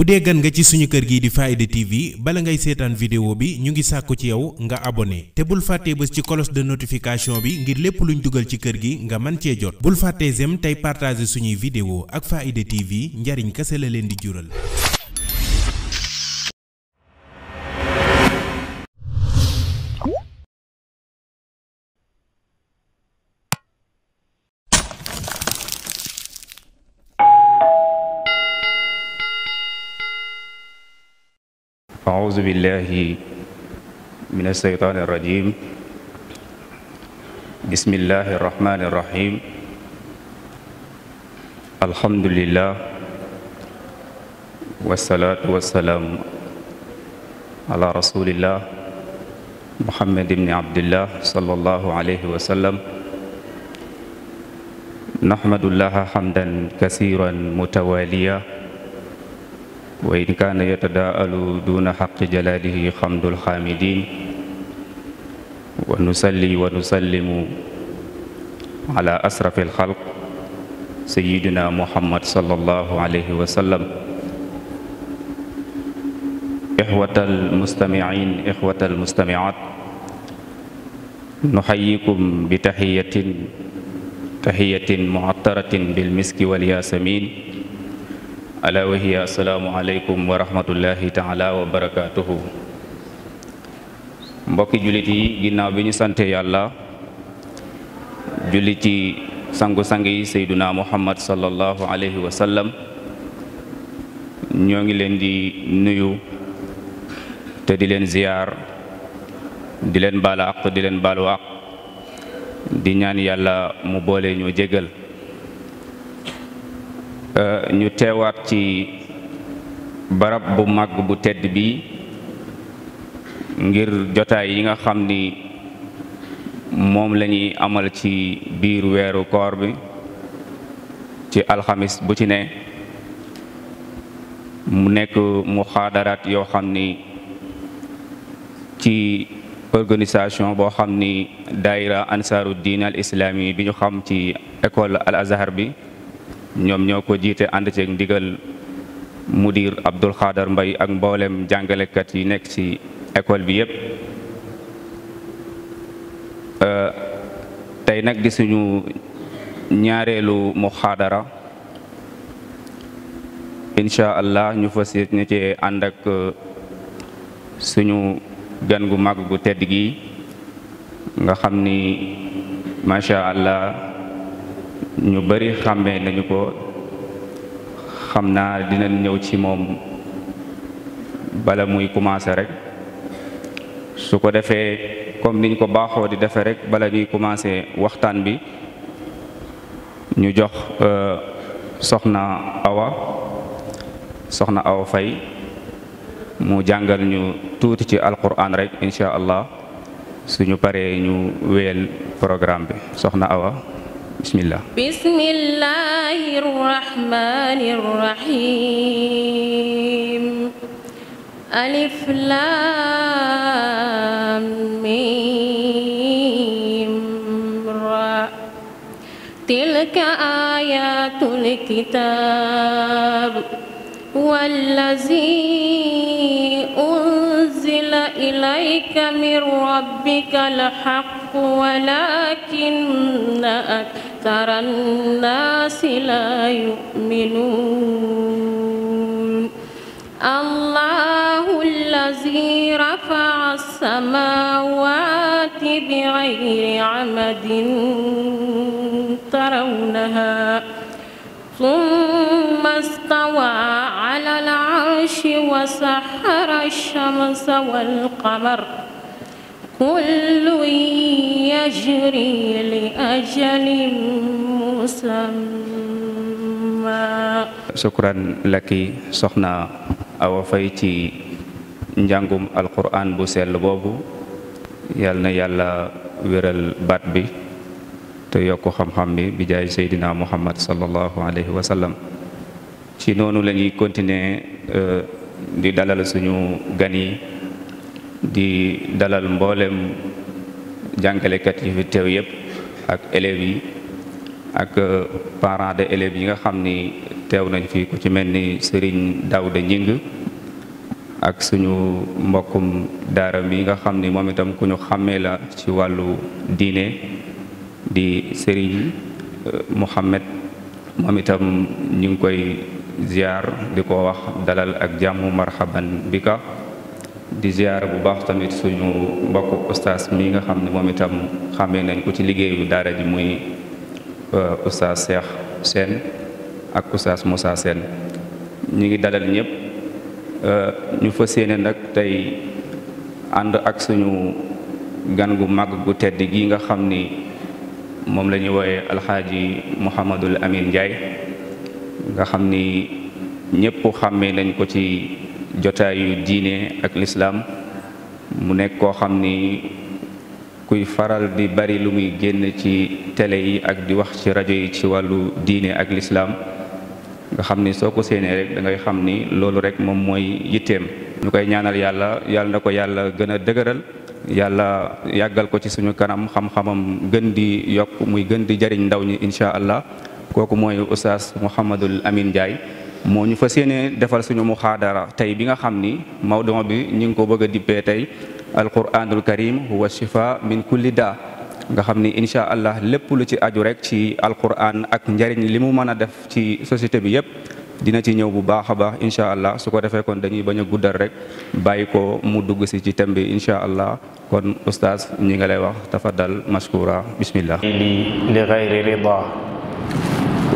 bu dee gan nga ci suñu kër gi di Faaida TV bala ngay seetaan vidéo bi ñu ngi sàkku ci yow nga abonné te bul fàttee bés ci cloche de notification bi ngir lépp luñ dugal ci kër gi nga mën cee jot bul fàttee zem tey partager suñuy vidéo ak Faaida TV njariñ kese la leen di jural أعوذ بالله من الشيطان الرجيم بسم الله الرحمن الرحيم الحمد لله والصلاة والسلام على رسول الله محمد بن عبد الله صلى الله عليه وسلم نحمد الله حمدا كثيرا متواليا wa in kaana yatadaalu duuna xaqi jalaalihi xamdul xaamidin wa nusalli wa nusallimu ala asrafi alxalq sayidina muhammad sallallahu alayhi wa sallam ixwata almustamiin ixwata almustamiaat nuxayikum bi taxiyatin taxiyatin muattaratin bilmiski walyasamin alaa wa hiya assalaamu aleykum taala wa barakaatuhu mbokki jullit yi ginnaaw bi ñu sante yàlla julli ci sangu-sang yi seyduna muhammad sallallahu alayhi wa ñoo ngi leen di nuyu te di leen ziyaar di leen baalu àq di leen baalu àq di ñaan yàlla mu boole ñoo jégal Euh, ñu teewaat ci barab bu mag bu tedd bii ngir jotaay yi nga xam ni moom lañuy amal ci biir weeru koor bi ci alxamis bu ci ne mu nekk mu xaadaraat yoo xam ni ci organisation boo xam ni daayira ansaaru diin al islaami bi ñu xam ci école al azhar bi ñoom ñoo ko jiite ànd ceeg ndigal mudir Abdul Xaadar Mbay ak mboolem jàngalekat yi nekk ci école bi yépp euh, tey nag di suñu ñaareelu muxaadara incha allah ñu fas yéene cee ànd ak euh, suñu gan gu mag gu tedd gi nga xam ni macha allah. ñu bari xàmmee nañu ko xam naa dinañ ñëw ci moom bala muy commencer rek su ko defee comme niñ ko baaxoo di defee rek bala ñuy commencer waxtaan bi ñu jox euh, soxna Awa soxna Awa fay mu jàngal ñu tuuti ci alquran rek incha allah suñu paree ñu wéyal programme bi soxna Awa bismillah bismillahir rahmanir rahim alif lam mim ra tilka ayatul kitab wallazi أنزل إليك من ربك الحق ولكن أكثر الناس لا يؤمنون الله الذي رفع السماوات بغير عمد ترونها ثم استوى على العرش وسحر الشمس والقمر كل يجري لأجل مسمى شكرا لك سخنا أو فايتي njàngum alquran bu sell boobu yal na yàlla wéral baat bi te yokk xam-xam bi bi jaay Seydina Muhammad sallallahu alayhi wa sallam ci noonu lañuy ñuy continuer euh, di dalal suñu gan yi di dalal mboolem jàngalekat yi fi teew yëpp ak élèves yi ak euh, parents de élèves yi nga xam ni teew nañ fi ku ci mel ni Serigne Daouda Ñing ak suñu mbokkum daara yi nga xam ni moom itam kuñu ñu xàmmee la ci wàllu diine di sëriñ euh, Mouhamed moom itam ñu ngi koy ziar di ko wax dalal ak jàmm marhaban bika di ziar bu baax tamit suñu mbokk ustaas mi nga xam ne moom itam xamee nañ ko ci liggéeyu daara ji muy euh, ustaas Cheikh Sène ak ustaas Moussa Sène ñu ngi dalal ñëpp euh, ñu fa yéene nag tey ànd ak suñu gan gu mag gu tedd gi nga xam ni moom la ñuy wooyee alxaaji Mouhamadul Amin Ndiaye nga xam ni ñëpp xàmmee nañ ko ci jotaayu diine ak lislaam mu nekk koo xam ni kuy faral di bari lu muy génn ci tele yi ak di wax ci rajo yi ci wàllu diine ak lislaam nga xam ni soo ko séenee rek ngay xam ni loolu rek moom mooy yitteem. ñu koy ñaanal yàlla yàlla na ko yàlla gën a dëgëral yàlla yàggal ko ci suñu kanam xam-xamam gën di yokk muy gën di jariñ ndaw ñi incha allah kooku mooy oustaz Mouhamadul Amin Ndiaye moo ñu fa yéene defal suñu muxaadara tey bi nga xam ni mawdon bi ñu ngi ko bëgg a dippee tey alquranul karim wa shifa min kulli daa nga xam ni incha allah lépp lu ci aju rek ci alquran ak njariñ li mu mën a def ci société bi yépp dina ci ñëw bu baax a baax incha allah su ko defee kon dañuy bañ guddal rek bàyyi ko mu dugg si ci thème bi incha allah kon oustaz ñi nga lay wax tafaddal mashkura bismillah li gayri rida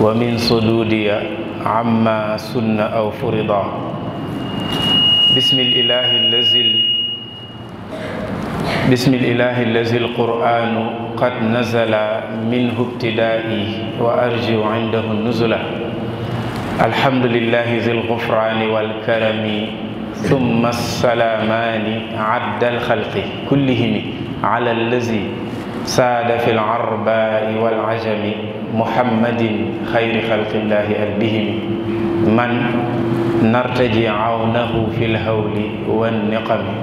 wa min sududiya amma sunna aw furida bismillahi allazi بسم الإله الذي القرآن قد نزل منه ابتدائي وأرجو عنده النزلة alhamdulilahi zil gufraani wal karami summa salaamaani addal xalqi kullihimi ala allazi saada fi larbaai wal ajami muhammadin xayri xalqillahi albihimi man nartaji awnahu fi lhawli wanniqami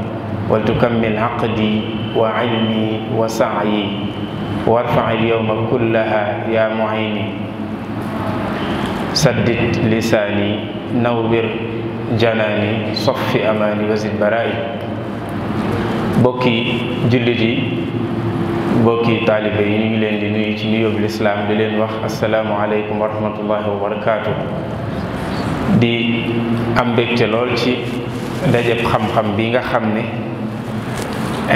waltukammil aqdi wa ilmi wa sacyi warfaci lyowma kullaha ya mucini saddit lisaani nawwir janaani soffi amaani wasid baraayi bokki jullit yi bokki taalibe yi ñu ngi leen di nuyu ci nuyóob lislaam di leen wax asalaamu aleykum wa rahmatullahi wa barakaatu di am mbégte lool ci dajëb xam-xam bi nga xam ne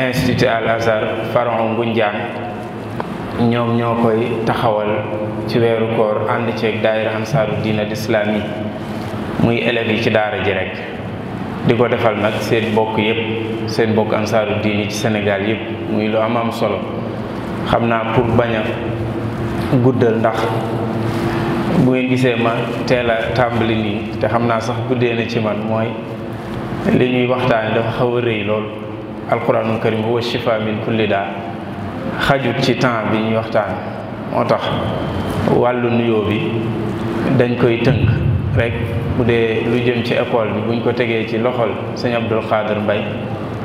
institut al azhar faron ngunjaan ñoom ñoo koy taxawal ci weeru koor ànd ceeg daayira ansaaru diin al islaami muy élèves yi ci daara ji rek di ko defal nag seen bokk yépp seen bokk ansaaru diin yi ci Sénégal yépp muy lu am am solo xam naa pour baña a guddal ndax bu ngeen gisee ma teel a tàmbali nii te xam naa sax guddee na ci man mooy li ñuy waxtaane dafa xaw a rëy lool alquranul karim huwa shifa min kulli xajut ci temps bi ñuy waxtaan moo tax wàllu nuyoo bi dañ koy tënk rek bu dee lu jëm ci école bi buñ ko tegee ci loxol sëñ Abdul Xaadir Mbay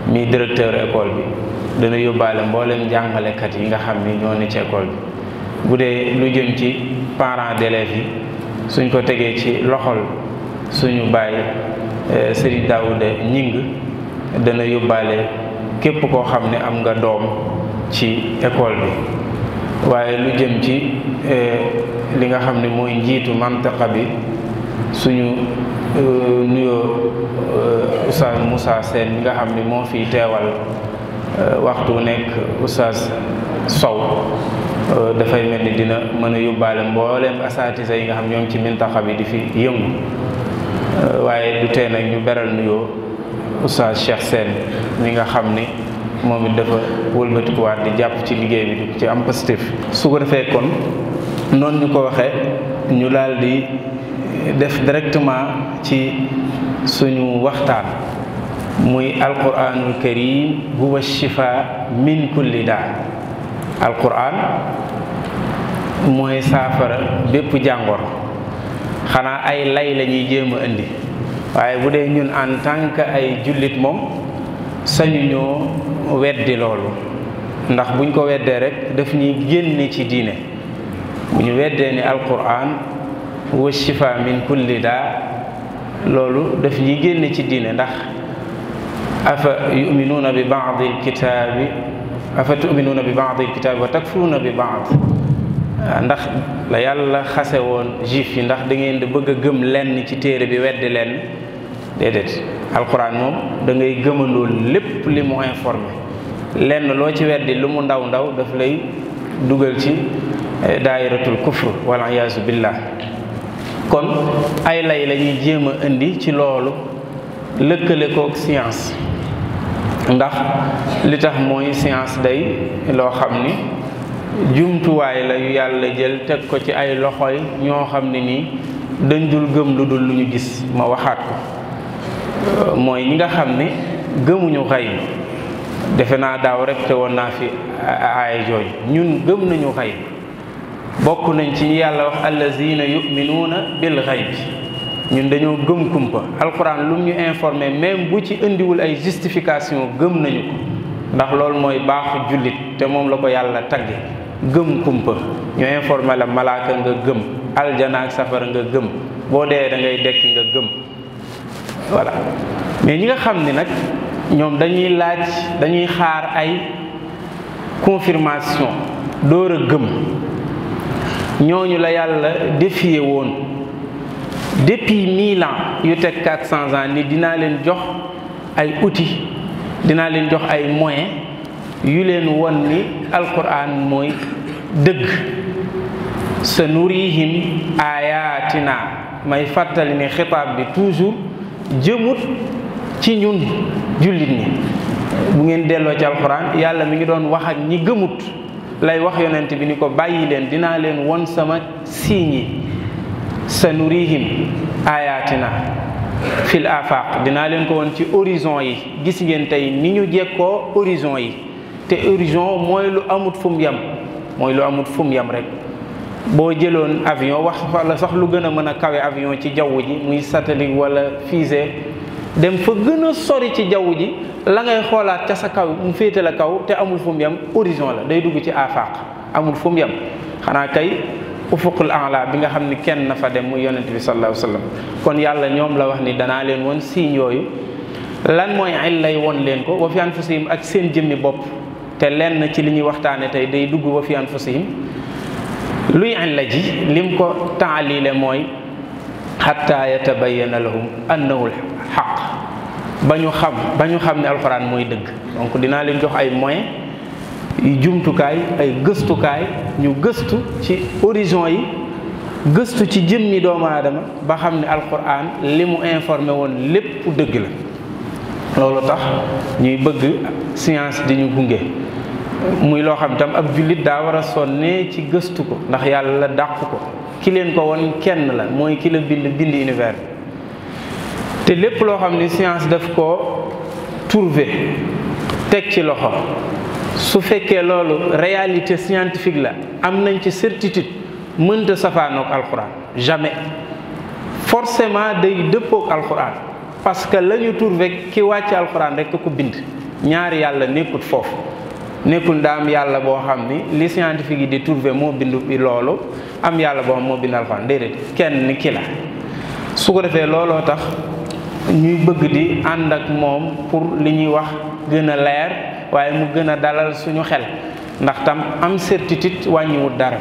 mi directeur école bi dana yóbbaale mboolem jàngalekat yi nga xam ni ñoo ne ci bu dee lu jëm ci parents d'élèves yi suñ ko tegee ci loxol suñu bàyyi eh, Sëriñ Daawuda Ñing dana yóbbaale képp koo xam ne am nga doom ci école bi waaye lu jëm ci eh, li nga xam ne mooy njiitu mantaqa bi suñu eh, nuyoo eh, oustaz Moussa seen bi nga xam ni moo fi teewal waxtu wu nekk oustaz Sow dafay mel ni dina mën a yóbbaale mbooleem asaatisa yi nga xam ñoom ci mintaxa bi di fi yëngu waaye du nag ñu beral nuyoo oustaz Cheikh Sène mi nga xam ni moom it dafa wëlbatikuwaat di jàpp ci liggéey bi ci am positif su ko defee kon noonu ñu ko waxee ñu daal di def directement ci suñu waxtaan muy alquranul karim huwa shifa min kulli daa alquran mooy saafara bépp jàngoro xanaa ay lay lañuy ñuy jéem indi waaye bu dee ñun en tant ay jullit moom sañuñoo weddi loolu ndax buñ ko weddee rek daf ñuy génne ci diine bu ñu weddee ni alquran wa shifa min kulli daa loolu daf ñuy génne ci diine ndax afa yuminuuna bi baadi alkitaabi afa tuminuuna bi baadi alkitaabi wa takfuruuna bi baad ndax la yàlla xase woon juif yi ndax da ngeen di bëgg a gëm lenn ci téere bi weddi leen déedéet alxuraan moom da gëmandoo lépp li mu informé lenn loo ci weddi lu mu ndaw ndaw dafa lay dugal ci eh, daayiratul kufr wal iyaazu billah kon ay lay lañuy ñuy jéem a indi ci loolu lëkkale kook science ndax li tax mooy science day loo xam ni jumtuwaay la yu yàlla jël teg ko ci ay loxoy ñoo xam ne nii dañ dul gëm lu dul lu ñu gis ma waxaat ko mooy ñi nga xam ni gëmuñu xay defe naa daaw rek te woon naa fi aaya jooju ñun gëm nañu xay bokk nañ ci yàlla wax allazina yuminuuna bil xay bi ñun dañoo gëm kumpa alquran lu ñu informé même bu ci indiwul ay justification gëm nañu ko ndax loolu mooy baaxu jullit te moom la ko yàlla tagge gëm kumpa ñu informé la malaaka nga gëm aljana ak safara nga gëm boo dee da ngay dekk nga gëm voilà mais ñi nga xam ni nag ñoom dañuy laaj dañuy xaar ay confirmation door a gëm ñooñu la yàlla défier woon depuis mille yu teg quatre cent ans ni dinaa leen jox ay outils dinaa leen jox ay moyen yu leen won ni alquran mooy dëgg sa nurihim ayatina may fàttali ne xitaab bi toujours jëmut ci ñun jullit ñi bu ngeen delloo ci alxuraan yàlla mi ngi doon wax ak ñi gëmut lay wax yonent bi ni ko bàyyi leen dinaa leen won sama siiñ yi sa nurihim ayatina fil afaq dinaa leen ko won ci horizon yi gis ngeen tey ni ñu jekkoo horizon yi te horizon mooy lu amut fu mu yem mooy lu amut fu mu yem rek boo jëloon avion wax wala sax lu gën a mën a kawe avion ci jaww ji muy satellite wala fiise dem fa gën a sori ci jaww ji la ngay xoolaat ca sa kaw mu féete la kaw te amul fu mu yem la day dugg ci afaq amul fu mu yem xanaa kay en la bi nga xam ni kenn na fa dem muy yonent bi sallallahu alayhi kon yàlla ñoom la wax ni danaa leen woon signe yooyu lan mooy illay woon leen ko wa fi ak seen jëmmi bopp te lenn ci li ñuy waxtaane tey day dugg wa luy àlla ji lim ko taalile mooy xatta te bay annahu lxaq ba ñu xam ba ñu xam ne alxuraan mooy dëgg donc dinaa leen jox ay moyen jumtukaay ay gëstukaay ñu gëstu ci horizon yi gëstu ci jëmmi doomu aadama ba xam ne alxuraan limu mu woon lépp dëgg la loolu tax ñuy bëgg science di ñu gunge muy loo xam tam ab jullit daa war a sonne ci gëstu ko ndax yàlla dàq ko ki leen ko won kenn la mooy ki la bind bind univers te lépp loo xam ni science daf ko trouvé teg ci loxo su fekkee loolu réalité scientifique la am nañ ci certitude mënta safaanoog alxuraan jamais forcément day dëppoog alxuraan parce que la ñu ki wàcc alxuraan rek ko bind ñaari yàlla nekkut foofu nekkul ndaam yàlla boo xam ni li scientifique yi di trouver moo bindu bi loolu am yàlla boo xam moo bind alxuraan déedéet kenn ki la su ko defee looloo tax ñuy bëgg di ànd ak moom pour li ñuy wax gën a leer waaye mu gën a dalal suñu xel ndax tam am certitude wàññiwul dara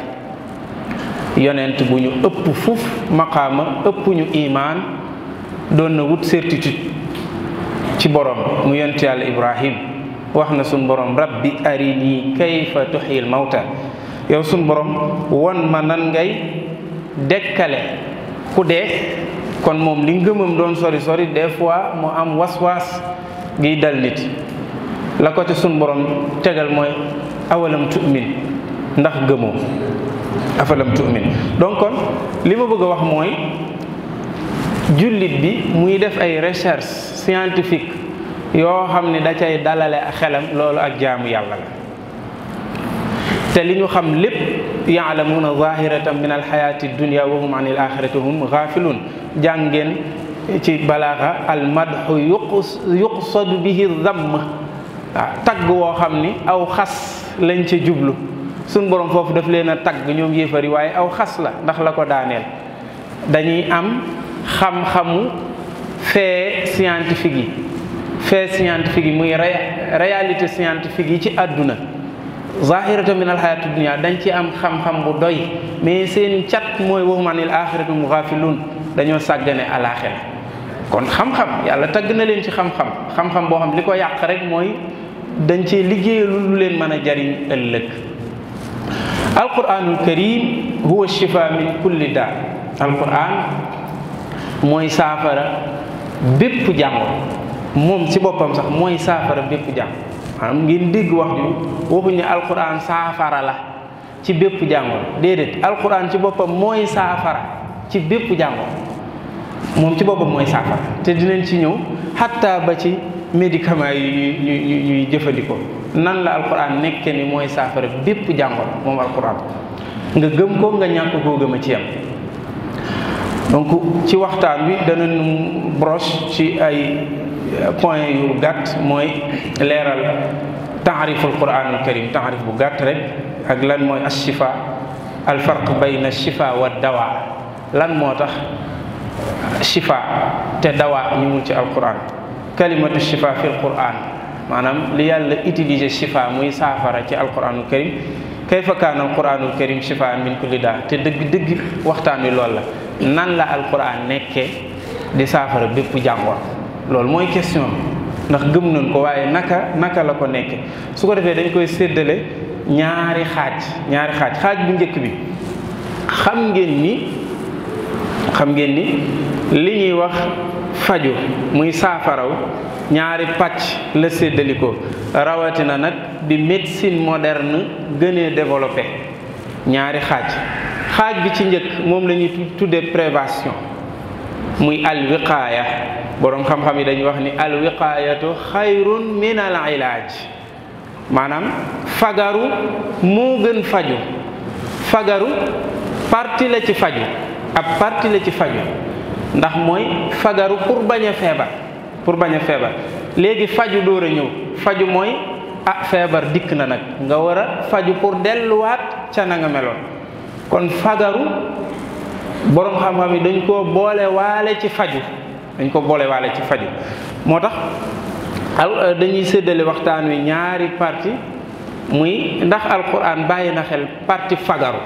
yonent bu ñu ëpp fuuf maqaama ëpp imaan doon na wut certitude ci boroom mu yonent yàlla Ibrahim wax na suñ borom rab rabbi arini kayfa tuxyil mawta yow suñ borom won ma nan ngay dekkale ku dee kon moom li ngëmam doon sori sori des fois mu am was-was giy dal nit la ko ci suñ borom tegal mooy awalam tu'min ndax gëmoo afalam tu'min donc kon li ma bëgg a wax mooy jullit bi muy def ay recherche scientifique yoo xam ne da cay dalale ak xelam loolu ak jaamu yàlla la te li ñu xam lépp yaalamuuna zahiratan min alxayaati dunia wa hum an il axirati hum gaafiluun jàngeen ci balaaxa almadxu yuqsadu bihi damm waaw tagg woo xam ni aw xas lañ ca jublu suñ borom foofu daf leen a tagg ñoom yéefari waaye aw xas la ndax la ko daaneel dañuy am xam-xamu fee scientifique yi fait scientifique yi muy réalité scientifique yi ci àdduna zahiratu min alxayatu dunia dañ ci am xam-xam bu doy mais seen cat mooy waxum anil axiratu mu gafilun dañoo sàggane alaaxira kon xam-xam yàlla tagg na leen ci xam-xam xam-xam boo xam li ko yàq rek mooy dañ cee liggéeyalu lu leen mën a jariñ ëllëg alquranul karim huwa shifa min kulli daa alquran mooy saafara bépp jàngoro moom si boppam sax mooy saafara bépp jàng maanaam ngeen dégg wax ju waxuñu alxuraan saafara la ci bépp jàngoro déedéet alxuraan ci boppam mooy saafara ci bépp jàngoro moom ci boppam mooy saafara te dinañ ci ñëw xatta ba ci médicament yi jëfandikoo nan la alxuraan nekkee ni mooy saafara bépp jàngoro moom alxuraan nga gëm ko nga ñànk koo gëm a ci yam donc ci waxtaan bi danañ broche ci ay. Euh, point yu gàtt mooy leeral taariful quranul karim taarif bu gàtt rek ak lan mooy ashifa al farq bayna shifa wa dawa lan moo tax shifa te dawa ñu ngi ci alquran kalimatu shifa fi alquran maanaam li yàlla utiliser shifa muy saafara ci alquranul karim kayfa kaana alquranul karim shifa min kulli te dëgg dëgg waxtaan wi loolu la nan la alquran nekkee di saafara bépp jàngoro loolu mooy question ndax gëm nañ ko waaye naka naka la ko nekke su ko defee dañ koy séddale ñaari xaaj ñaari xaaj xaaj bu njëkk bi xam ngeen ni xam ngeen ni li ñuy wax faju muy saafaraw ñaari pàcc la ko rawatina nag bi médecine moderne gënee développé ñaari xaaj xaaj bi ci njëkk moom lañuy ñuy tuddee prévention muy alwiqaaya boroom xam-xam yi dañuy wax ni alwiqaayatu xayrun min al ilaaj maanaam fagaru moo gën faju fagaru parti la ci faju ab parti la ci faju ndax mooy fagaru pour bañ a feebar pour bañ a feebar léegi faju dóor a ñëw faju mooy a ah, feebar dikk na nag nga war a faju pour delluwaat ca na nga meloon kon fagaru borom xam-xam yi dañ koo boole waale ci faju dañ ko boole waale ci faju moo tax al euh, dañuy séddale waxtaan wi ñaari parti muy ndax alquran bàyyi na xel parti fagaru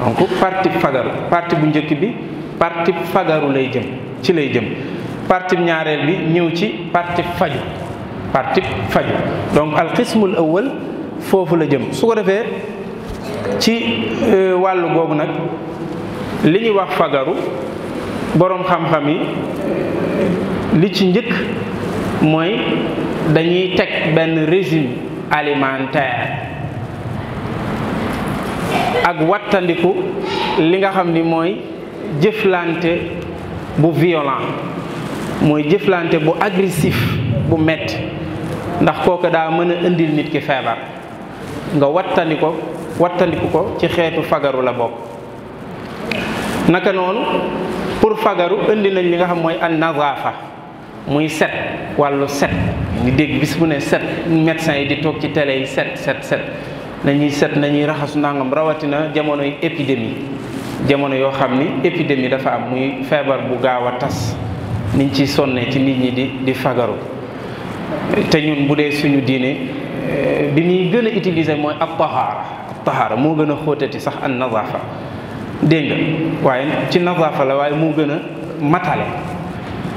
donc parti fagaru parti bu njëkk bi parti fagaru lay jëm ci lay jëm parti ñaareel bi ñëw ci parti faju parti faju donc alqismul awal foofu la jëm su ko defee ci euh, wàllu googu nag li ñuy wax fagaru boroom xam-xam yi li ci njëkk mooy dañuy teg benn régime alimentaire ak wattandiku li nga xam ni mooy jëflante bu violent mooy jëflante bu agressif bu metti ndax kooku daa mën a indil nit ki feebar nga wattandi ko wattandiku ko ci xeetu fagaru la bokk naka noonu pour fagaru indi nañ li nga xam mooy an nazaafa muy set wàllu set di dégg bis bu ne set médecins yi di toog ci télé yi set set set nañuy set nañuy raxasu nangam rawatina jamonoy épidémie jamono yoo xam ni épidémie dafa am muy feebar bu gaaw a tas niñ ci sonnee ci nit ñi di di fagaru te ñun bu dee suñu diine eh, bi muy gën a utiliser mooy ab tahaara ab moo gën a xóotati sax an nazaafa dégg waaye ci nazaafa la waaye moo gën a matale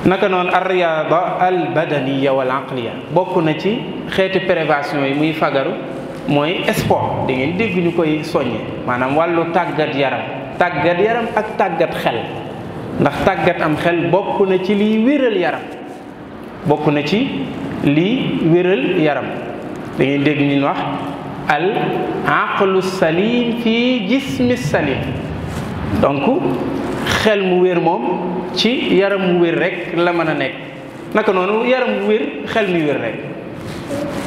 naka noonu ar riyaada al badaniya wal aqliya bokk na ci xeeti prévention yi muy fagaru mooy sport da ngeen dégg ñu koy soññe maanaam wàllu tàggat yaram tàggat yaram ak tàggat xel ndax tàggat am xel bokk na ci liy wéral yaram bokk na ci liy wéral yaram da ngeen dégg ñu wax al aqlu salim fi jismi salim donc xel mu wér moom ci yaram mu wér rekk la mën a nekk naka noonu yaram mu wér xel mi wér rekk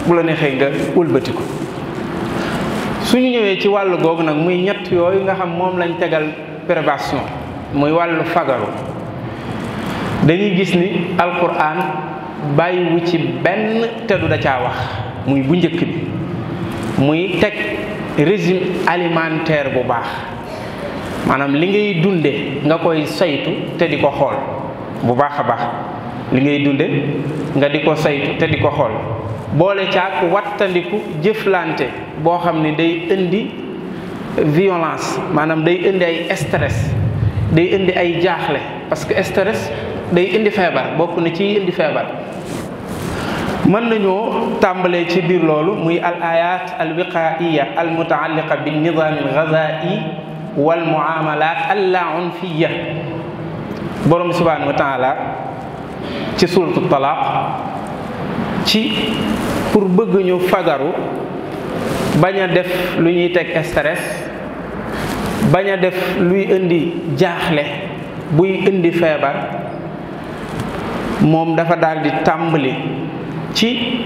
bu la neexee nga wëlbatiku suñu ñëwee ci wàll googu nag muy ñett yooyu nga xam moom lañ tegal prévention muy wàllu fagaru dañuy gis ni alquran bàyyiwu ci benn teddu da caa wax muy bu njëkk bi muy teg régime alimentaire bu baax maanaam li ngay dunde nga koy saytu te di ko xool bu baax a baax li ngay dunde nga di ko saytu te di ko xool boole caak wattandiku jëflante boo xam ne day indi violence maanaam day indi ay stress day indi ay jaaxle parce que stress day indi feebar bokk na ci indi feebar mën nañoo tàmbalee ci biir loolu muy al ayat al wiqaiya al mutaalliqa bi nizaam al ghazai wal muamalat alla unfiya borom subhanahu wa taala ci suuratu talaaq ci pour bëgguñu fagaru bañ a def lu ñuy teg stress bañ a def luy indi jaaxle buy indi feebar moom dafa daldi tàmbali ci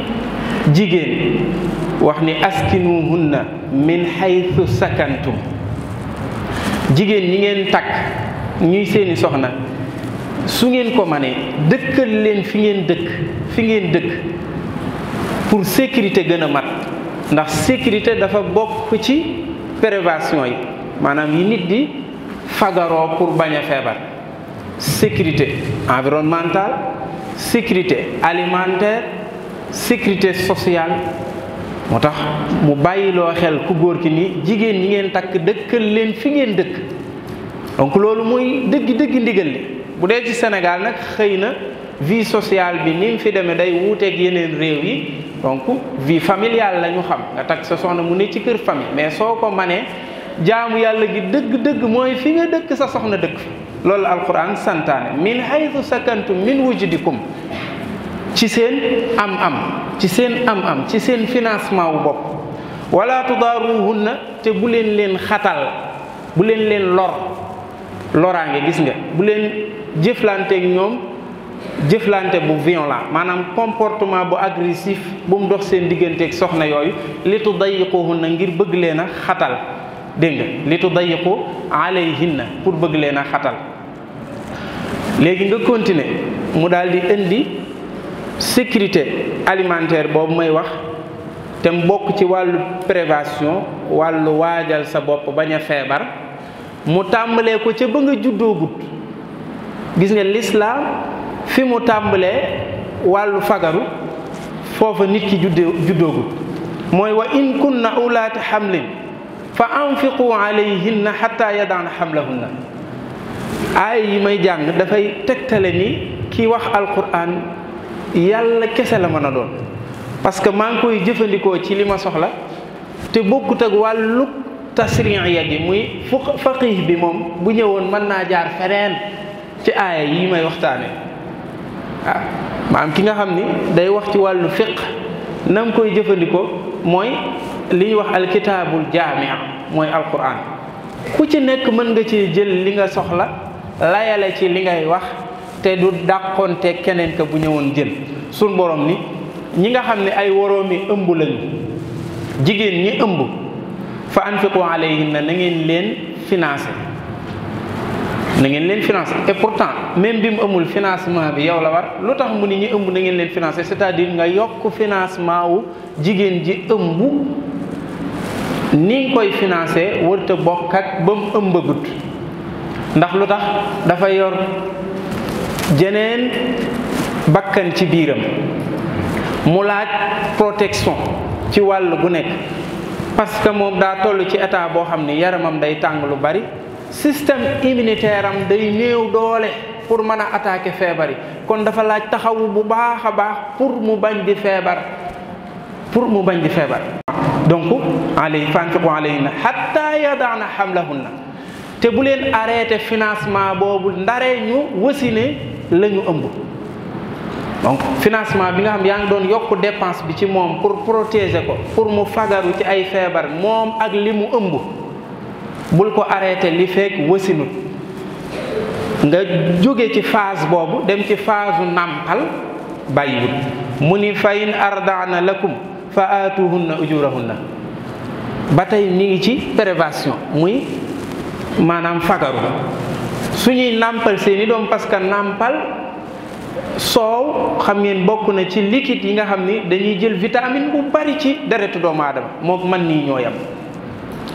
jigéen wax ni askinuhunna min haythu sakantum jigéen ñi ngeen takk ñuy seeni soxna su ngeen ko manee dëkkal leen fi ngeen dëkk fi ngeen dëkk pour sécurité gën a mat ndax sécurité dafa bokk ci prévention yi maanaam yi nit di fagaroo pour bañ a feebar sécurité environnementale sécurité alimentaire sécurité sociale moo tax mu bàyyiloo xel ku góor ki ni jigéen ñi ngeen takk dëkkal leen fi ngeen dëkk donc loolu mooy dëgg dëgg ndigal li bu dee ci Sénégal nag xëy na vie sociale bi ni mu fi demee day wuuteeg yeneen réew yi donc vie familiale lañu xam nga takk sa soxna mu ne ci kër famille mais soo ko manee jaamu yàlla gi dëgg-dëgg mooy fi nga dëkk sa soxna dëkk fi loolu alquran santaane min haythu sakantum min wujudikum ci seen am-am ci seen am-am ci seen financement wu bopp wala na te bu leen leen xatal bu leen leen lor loraange gis nga bu leen jëflanteeg ñoom jëflante bu violent maanaam comportement bu agressif bu mu dox seen digganteek soxna yooyu li na ngir bëgg leen a xatal dégg ale yi tudayiqu na pour bëgg leen a xatal léegi nga continuer mu daal indi sécurité alimentaire boobu may wax te mu bokk ci wàllu prévention wàllu waajal sa bopp bañ a feebar mu tàmbalee ko ca ba nga juddoogut gis nga lislaam fi mu tàmbalee wàllu fagaru foofa nit ki juddoo juddoogut mooy wa in kunna ulaati xamlin fa anfiqu alayhinna xatta yadaan xamlahunna aay yi may jàng dafay tegtale ni ki wax alquran yàlla kese la mën a doon parce que maa ngi koy jëfandikoo ci li ma soxla te bokkut ak wàllu tasriya gi muy faqih bi moom bu ñëwoon mën naa jaar feneen ci aaya yi may waxtaane ah maam ki nga xam ni day wax ci wàllu fiq na mu koy jëfandikoo mooy li ñuy wax alkitaabul jaamia mooy alquran ku ci nekk mën nga ci jël li nga soxla layale ci li ngay wax te du dàqonte keneen ka bu ñëwoon jël suñ boroom ni ñi nga xam ne ay woroomi ëmb lañu jigéen ñi ëmb fa anfiqu alayhinna na ngeen leen financé na ngeen leen financé et pourtant même bi mu amul financement bi yow la war lu tax mu ni ñi ëmb na ngeen leen financé c'est-à-dire nga yokk financement wu jigéen ji ëmb ni nga koy financé wërta bokk ak ba mu ëmbagut ndax lu tax dafa yor jeneen bakkan ci biiram mu laaj protection ci wàll gu nekk parce que moom daa toll ci état boo xam ni yaramam day tàng lu bari système immunitaire am day néew doole pour mën a attaquer feebar yi kon dafa laaj taxawu bu baax a baax pour mu bañ di feebar pour mu bañ di feebar donc alay fanfiqu alayhinna hatta yadaana hamlahunna te bu leen financement boobu ndare ñu wësine la ñu ëmb donc financement bi nga xam yaa ngi doon yokk dépense bi ci moom pour protéger ko pour mu fagaru ci ay feebar moom ak li mu ëmb bul ko arrêté li fekk wasinut nga jóge ci phase boobu dem ci phase u nàmpal bàyyiwut mu ni fayin ardaana lakum fa aatuhunna ujurahunna ba tey mi ngi ci prévention muy maanaam fagaru suñuy nàmpal ni doom parce que nàmpal soow xam ngeen bokk na ci liquide yi nga xam ni dañuy jël vitamine bu bari ci deretu doomu aadama mook man nii ñoo yam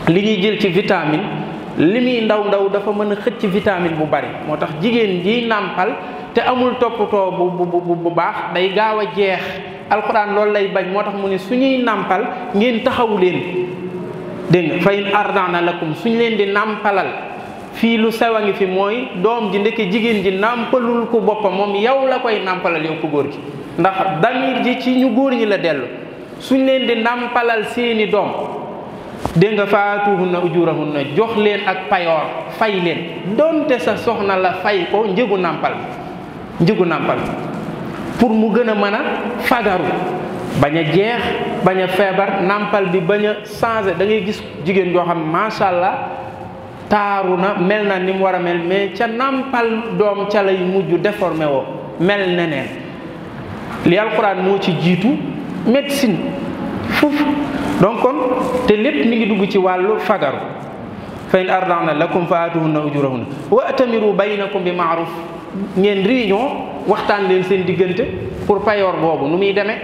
li ñuy jël ci vitamine li muy ndaw ndaw dafa mën a xëcc vitamine bu bari moo tax jigéen jiy nàmpal te amul toppatoo bu bu bu baax day gaaw a jeex alxuraan loolu lay bañ moo tax mu ne suñuy nàmpal ngeen taxawu leen dégg nga fa in ardana lakum suñ leen di nàmpalal fii lu sew a ngi fi mooy doom ji ndeke jigéen ji nàmpalul ko boppam moom yow la koy nàmpalal yow ku góor gi ndax damir ji ci ñu góor ñi la dellu suñ leen di nàmpalal seeni doom dégg nga faatuhunna na jox leen ak payoor fay leen doonte sa soxna la fay ko njëgu nàmpal njëgu nàmpal pour mu gën a mën a fagaru bañ a jeex bañ a feebar nàmpal bi bañ a changé dangay gis jigéen joo xam ne macha allah. taaru na mel na ni mu war a mel mais ca nàmpal doom ca lay mujj déformé woo mel neneen li alxuraan moo ci jiitu médecine fuf donc kon te lépp mi ngi dugg ci wàllu fagaru fa in ardana lakum fa aatuhunna ujurahunna wa atamiru baynakum bi maaruf ngeen réunion waxtaan leen seen diggante pour payoor boobu nu muy deme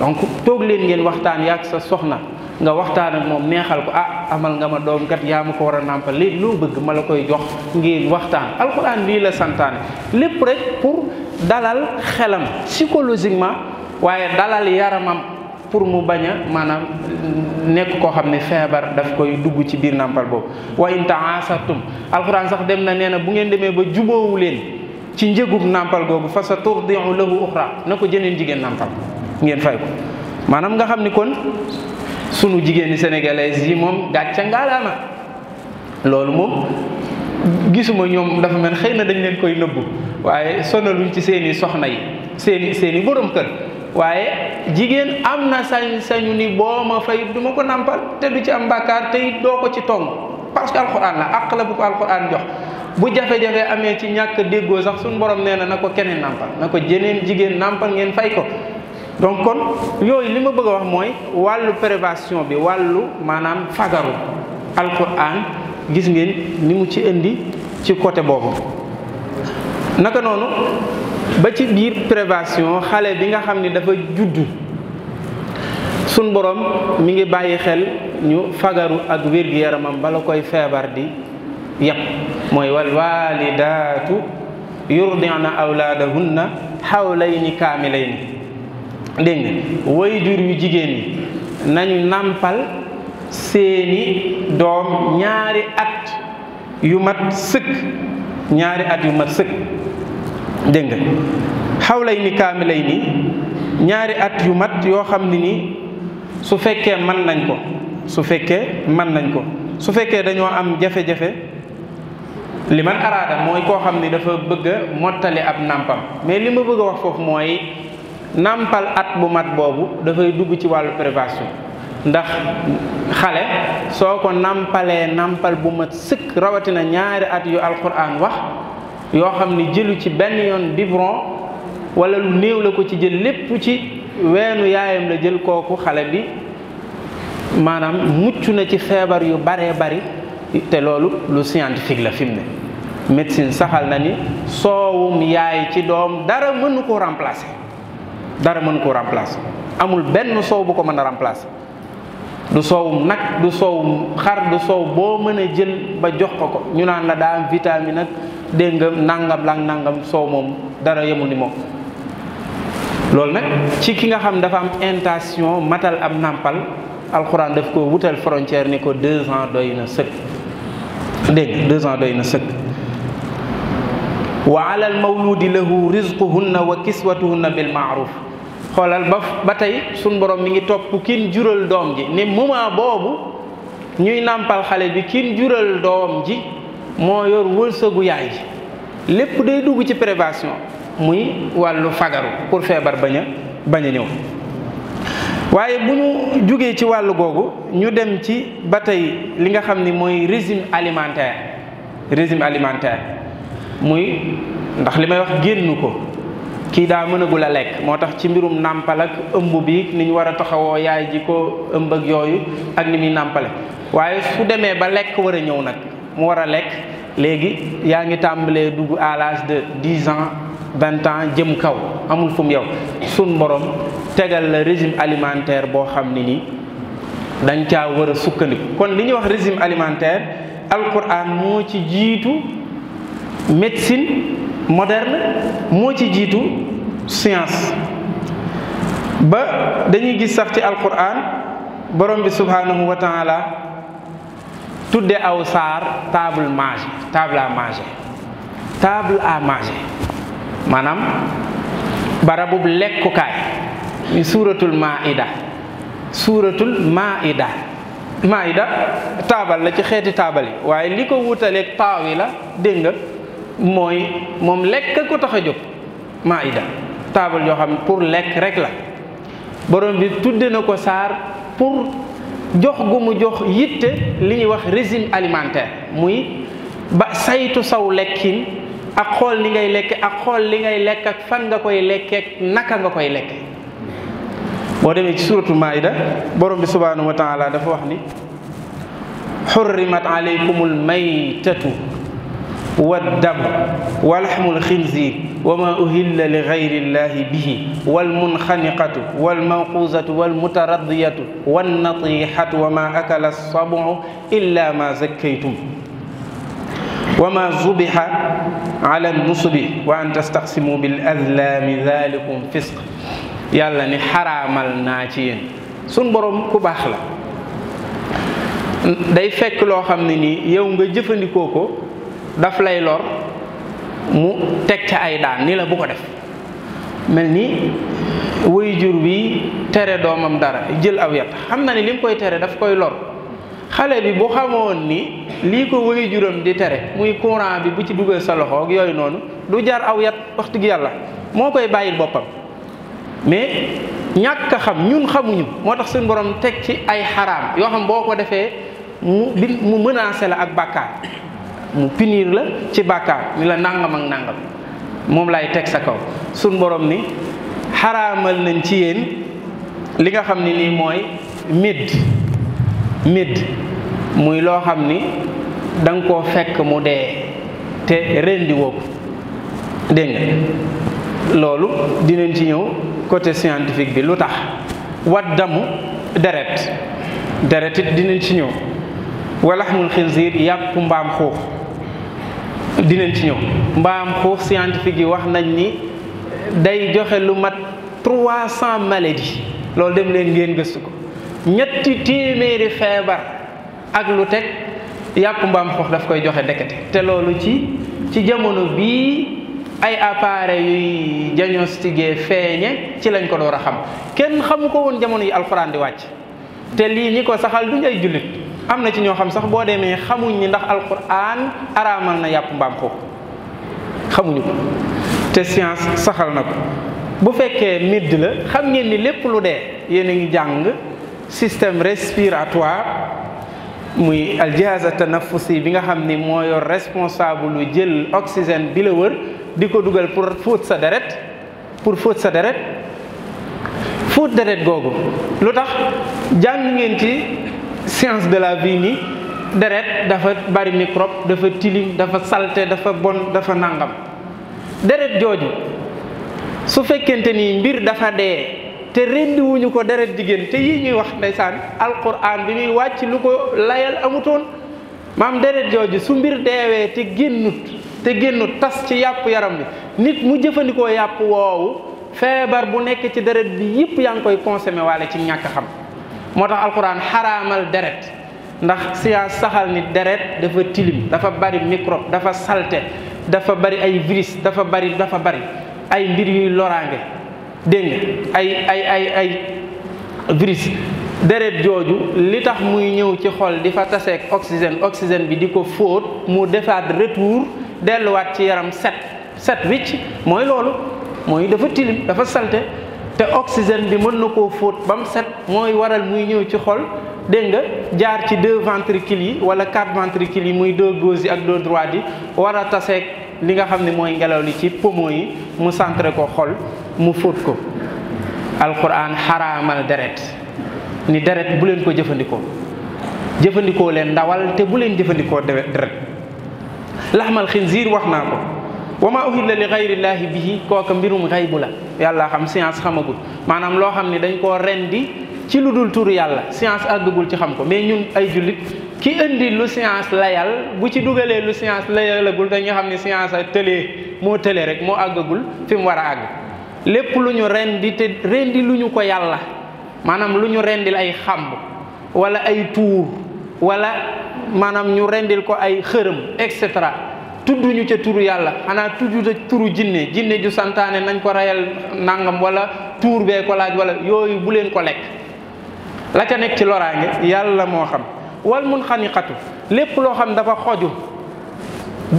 donc toog leen ngeen waxtaan yaag sa soxna nga waxtaan ak moom neexal ko ah amal nga ma doom kat yaa ma ko war a nàmpal léegi loo bëgg ma la koy jox ngir waxtaan alxuraan lii la santaan lépp rek pour dalal xelam psychologiquement waaye dalal yaram am pour mu bañ a maanaam nekk koo xam ne feebar daf koy dugg ci biir nàmpal boobu wa in taasartum alxuraan sax dem na nee na bu ngeen demee ba jubóowu leen ci njëgub nàmpal googu fa sa turdiu lahu uxra na ko jeneen jigéen nàmpal ngeen sunu jigéeni sénégalaises yi moom gàcca ngaalaama loolu moom gisuma ñoom dafa mel xëy na dañ leen koy nëbbu waaye sonaluñ ci seeni soxna yi seeni seeni borom kër waaye jigéen am na sañ-sañu ni boo ma fay du ko nàmpal te du ci am bàkkaar te doo ko ci tong parce que alquran la àq la bu ko alquran jox bu jafe-jafe amee ci ñàkk déggoo sax sun borom nee na na ko keneen nàmpal na ko jeneen jigéen nàmpal ngeen fay ko donc kon yooyu li ma bëgg a wax mooy wàllu prévention bi wàllu maanaam fagaru alquran gis ngeen ni mu ci indi ci côté boobu naka noonu ba ci biir prévention xale bi nga xam ni dafa juddu sun boroom mu ngi bàyyi xel ñu fagaru ak wér-gi-yaramam bala koy feebar di yépp mooy wal waalidaatu yurdi'na awlaadahunna xawlayni kaamilayni dégg woy wayjur yu jigéen ñi nañu nàmpal seeni doom ñaari at yu mat sëkk ñaari at yu mat sëkk dégg nga xawlay ni kaamilay ni ñaari at yu mat yoo xam ne nii su fekkee mën nañ ko su fekkee mën nañ ko su fekkee dañoo am jafe-jafe li man araada mooy koo xam ni dafa bëgg mottali ab nàmpam mais li ma bëgg a wax foofu mooy nàmpal at bu mat boobu dafay dugg ci wàllu prévention ndax xale soo ko nàmpalee nàmpal bu mat sëkk rawatina ñaari at yu alquran wax yoo xam ni jëlu ci benn yoon biberon wala lu néew la ko ci jël lépp ci weenu yaayam la jël kooku xale bi maanaam mucc na ci feebar yu baree bari te loolu lu scientifique la fim ne médecine saxal na ni soowum yaay ci doom dara mënu ko remplacer dara mën koo remplacer amul benn soow bu ko mën a remplacer du soowum nag du soowum xar du soow boo mën a jël ba jox ko ko ñu naan la daa am vitamine ak dégg nga nangam lang nangam soow moom dara yemul ni moom. loolu nag ci ki nga xam dafa am intention matal am nàmpal alxuraan daf ko wutal frontière ni ko deux ans doy na sëkk dégg deux ans doy na sëkk. wa alal mawludi lahu rizquhunna wa na bil maaruf xoolal ba ba tey suñ borom mi ngi topp kiin jural doom ji ne moment boobu ñuy nàmpal xale bi kiin jural doom ji moo yor wërsëgu yaay ji lépp day dugg ci prévention muy wàllu fagaru pour feebar bañ a bañ a ñëw waaye bu ñu jógee ci wàllu googu ñu dem ci ba tey li nga xam ni mooy régime alimentaire résime alimentaire muy ndax li may wax génn ko kii daa mënagul a lekk moo tax ci mbirum nàmpal ak ëmb bi ni war a taxawoo yaay ji ko ëmb ak yooyu ak ni muy nàmpale waaye su demee ba lekk war a ñëw nag mu war a lekk léegi yaa ngi tàmbalee dugg à l'âge de dix ans vingt ans jëm kaw amul fum yow suñ borom tegal la régime alimentaire boo xam ne nii dañ ca war a sukkandiku kon li ñuy wax régime alimentaire alquran moo ci jiitu médecine moderne moo ci jiitu science ba dañuy gis sax ci alquran borom bi subhanahu wa taala tudde aw saar table manger table à manger table à manger maanaam barabub lekkukaay mi suuratul maida suuratul maida maida taabal la ci xeeti taabal yi waaye li ko wutaleeg yi la dégg nga mooy moom lekk ko tax a jóg maida taabal yoo xam ne pour lekk rek la borom bi tudde na ko saar pour jox gu mu jox yitte li ñuy wax régime alimentaire muy ba saytu saw lekkin ak xool li ngay lekk ak xool li ngay lekk ak fan nga koy lekkeek naka nga koy lekke boo demee ci suratul maida borom bi subhanahu wa taala dafa wax ni xurrimat aleykumul maytatu والدم ولحم الخنزير وما أهل لغير الله به والمنخنقة والموقوزة والمترضية والنطيحة وما أكل السبع إلا ما زكيتم وما ذبح على النصب وأن تستقسموا بالأذلام ذلكم فسق yàlla ni xaraamal naa ci yéen suñ borom ku baax la day fekk loo xam ne nii yow nga jëfandikoo ko daf lay lor mu teg ca ay daan ni la bu ko def mel ni wuy jur wi tere doomam dara jël aw yat xam na ni li mu koy tere daf koy lor xale bi bu xamoon ni lii ko wuy juram di tere muy courant bi bu ci duggee sa loxook yooyu noonu du jar aw yat wax dëgg yàlla moo koy bàyyil boppam mais ñàkk xam ñun xamuñu moo tax seen borom teg ci ay xaraam yoo xam boo ko defee mu di mu menacé la ak bàkkaar mu punir la ci bàkkaar ni la nàngam ak nàngam moom lay teg sa kaw sun boroom ni xaraamal nañ ci yéen li nga xam ne nii mooy midd midd muy loo xam ni da nga koo fekk mu dee te rendi woo ko dégg loolu dinañ ci ñëw côté scientifique bi lu tax wat damu deret deret dinañ ci ñëw walaxmul xinziir yàpp mbaam xuux dinañ ci ñëw mbaam xuux scientifique yi wax nañ ni day joxe lu mat trois cent maladies loolu dem leen ngeen gëstu ko ñetti téeméeri feebar ak lu teg yàpp mbaam xuux daf koy joxe ndekete te loolu ci ci jamono bii ay appareil yuy diagnostiqué feeñe ci lañ ko door a xam kenn xamu ko woon jamono yi alxuraan di wàcc te lii ñi ko saxal duñ ay jullit am na ci ñoo xam sax boo demee xamuñ ni ndax al alquran araamal na yàpp mbaam xuux te science saxal na ko bu fekkee midd la xam ngeen ni lépp lu dee yéen a ngi jàng système respiratoire muy aljihaz tanafusi bi nga xam ni moo yor responsable lu jël oxygène bi la wër di ko dugal pour fóot sa deret pour fóot sa deret fóot deret googu lu tax jàng ngeen science de la vie ni deret dafa bari microbe dafa tilim dafa salte dafa bon dafa nangam deret jooju su fekkente ni mbir dafa dee te rendiwuñu ko deret jigéen te yii ñuy wax ndeysaan alquran bi muy wàcc lu ko layal amutoon maam deret jooju su mbir deewee te génnut te génnut tas ci yàpp yaram bi nit mu jëfandikoo yàpp woowu feebar bu nekk ci deret bi yëpp yaa ngi koy consommé waale ci ñàkk xam moo tax alquran xaraamal deret ndax science saxal ni deret dafa tilim dafa bari microbe dafa salte dafa bari ay virus dafa bari dafa bari ay mbir yuy loraange dégg ay ay ay ay virus deret jooju li tax muy ñëw ci xol di fa taseeg oxygène oxygène bi di ko fóot mu defaat retour delluwaat ci yaram set set wicc mooy loolu mooy dafa tilim dafa salte te oxygène bi mën na koo fóot ba mu set mooy waral muy ñëw ci xol dégg nga jaar ci deux ventricules yi wala quatre ventricules yi muy deux gauche yi ak deux droite yi war a taseeg li nga xam ne mooy ngelaw li ci pomo yi mu centré ko xol mu fóot ko alquran xaraamal deret ni deret bu leen ko jëfandikoo jëfandikoo leen ndawal te bu leen jëfandikoo deret laxmal xinziir wax naa ko wa maa uhilla li gayrillaahi bihi kooka mbirum gaybu la yàlla xam science xamagul maanaam loo xam ni dañ koo rendi ci lu dul turu yàlla science àggagul ci xam ko mais ñun ay jullit ki indi lu science layal bu ci dugalee lu science layalagul dañu xam ne science a tëlee moo tëlee rek moo àggagul fi mu war a àgg lépp lu ñu rendi te rendi lu ñu ko yàlla maanaam lu ñu rendil ay xamb wala ay tuur wala maanaam ñu rendil ko ay xërëm et cetera tudduñu ca turu yàlla xanaa tuddu ca turu jinne jinne ju santaane nañ ko rayal nangam wala tuur bee ko laaj wala yooyu bu leen ko lekk la ca nekk ci loraange yàlla moo xam wal mun xaniqatu lépp loo xam dafa xoju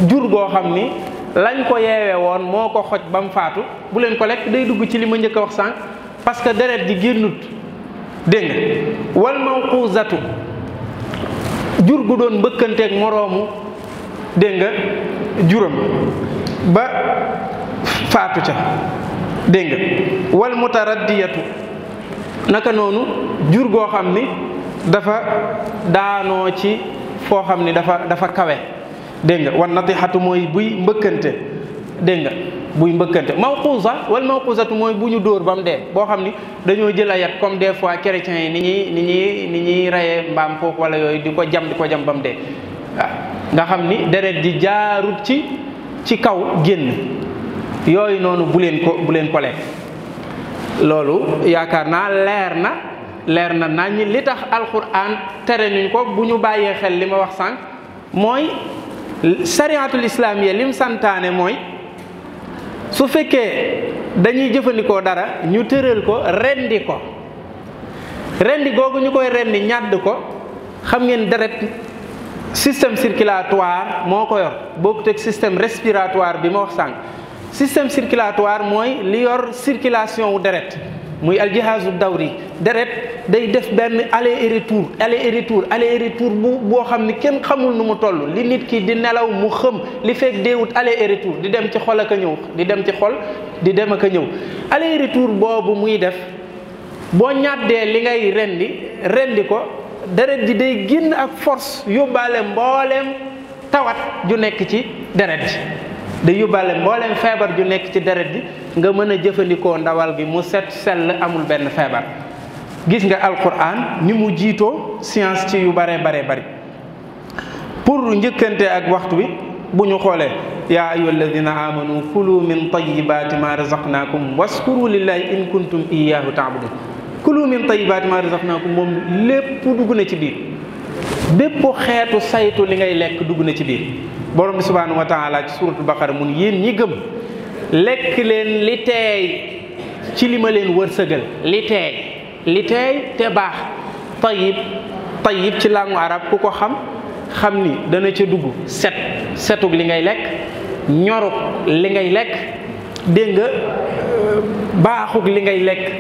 jur goo xam ni lañ ko yeewee woon moo ko xoj ba mu faatu bu leen ko lekk day dugg ci li ma njëkk a wax sànq parce que deret ji génnut dégg nga wal mawquusatu jur gu doon mbëkkanteeg moroomu dégg nga juróom ba faatu ca dégg nga wal mutaraddiyatu naka noonu jur goo xam ni dafa daanoo ci foo xam ni dafa dafa kawe dégg nga wan natihatu mooy buy mbëkkante dégg nga buy mbëkkante mawquza wal mawquzatu mooy bu ñu dóor ba mu dee boo xam ni dañoo jël a yat comme des fois chrétiens yi ni ñuy ni ñuy ni ñuy rayee mbaam foofu wala yooyu di ko jam di ko jam ba mu dee nga xam ni deret ji jaarut ci ci kaw génn yooyu noonu bu leen ko bu leen ko loolu yaakaar naa leer na leer na nañ li tax alxuraan tere nuñ ko bu ñu bàyyee xel li ma wax sànq mooy sariatul islaamiya lim santaane mooy su fekkee dañuy jëfandikoo dara ñu tëral ko rendi ko rendi googu ñu koy rendi ñàdd ko xam ngeen deret système circulatoire moo ko yor bokkut teg système respiratoire bi ma wax sànq système circulatoire mooy li yor circulation wu deret muy aljihazu dawri deret day def benn aller et retour aller et retour aller et retour boo xam ni kenn xamul nu mu toll li nit ki di nelaw mu xëm li fekk deewut aller et di dem ci xol ak a ñëw di dem ci xol di dem ak a ñëw aller boobu muy def boo ñàddee li ngay rendi rendi ko deret ji day génn ak force yóbbaale mbooleem tawat ju nekk ci deret ji day yóbbaale mbooleem feebar ju nekk ci deret ji nga mën a jëfandikoo ndawal gi mu set sell amul benn feebar gis nga alquran ni mu jiitoo science ci yu bare bare bari pour njëkkante ak waxtu wi bu ñu xoolee yaa ayyuha alladina amanu kulu min tayibaati ma razaqnakum waskuru lillahi in kuntum iyahu taabudun kulu min tayyibaati naa ko moom lépp dugg na ci biir bépp xeetu saytu li ngay lekk dugg na ci biir borom bi subhaanahu wa taala ci suratul baqara mun yéen ñi gëm lekk leen li teey ci li ma leen wërsëgal li teey li teey te baax tayib tayib ci làngu arab ku ko xam xam ni dana ca dugg set setug li ngay lekk ñorug li ngay lekk dégg nga baaxug li ngay lekk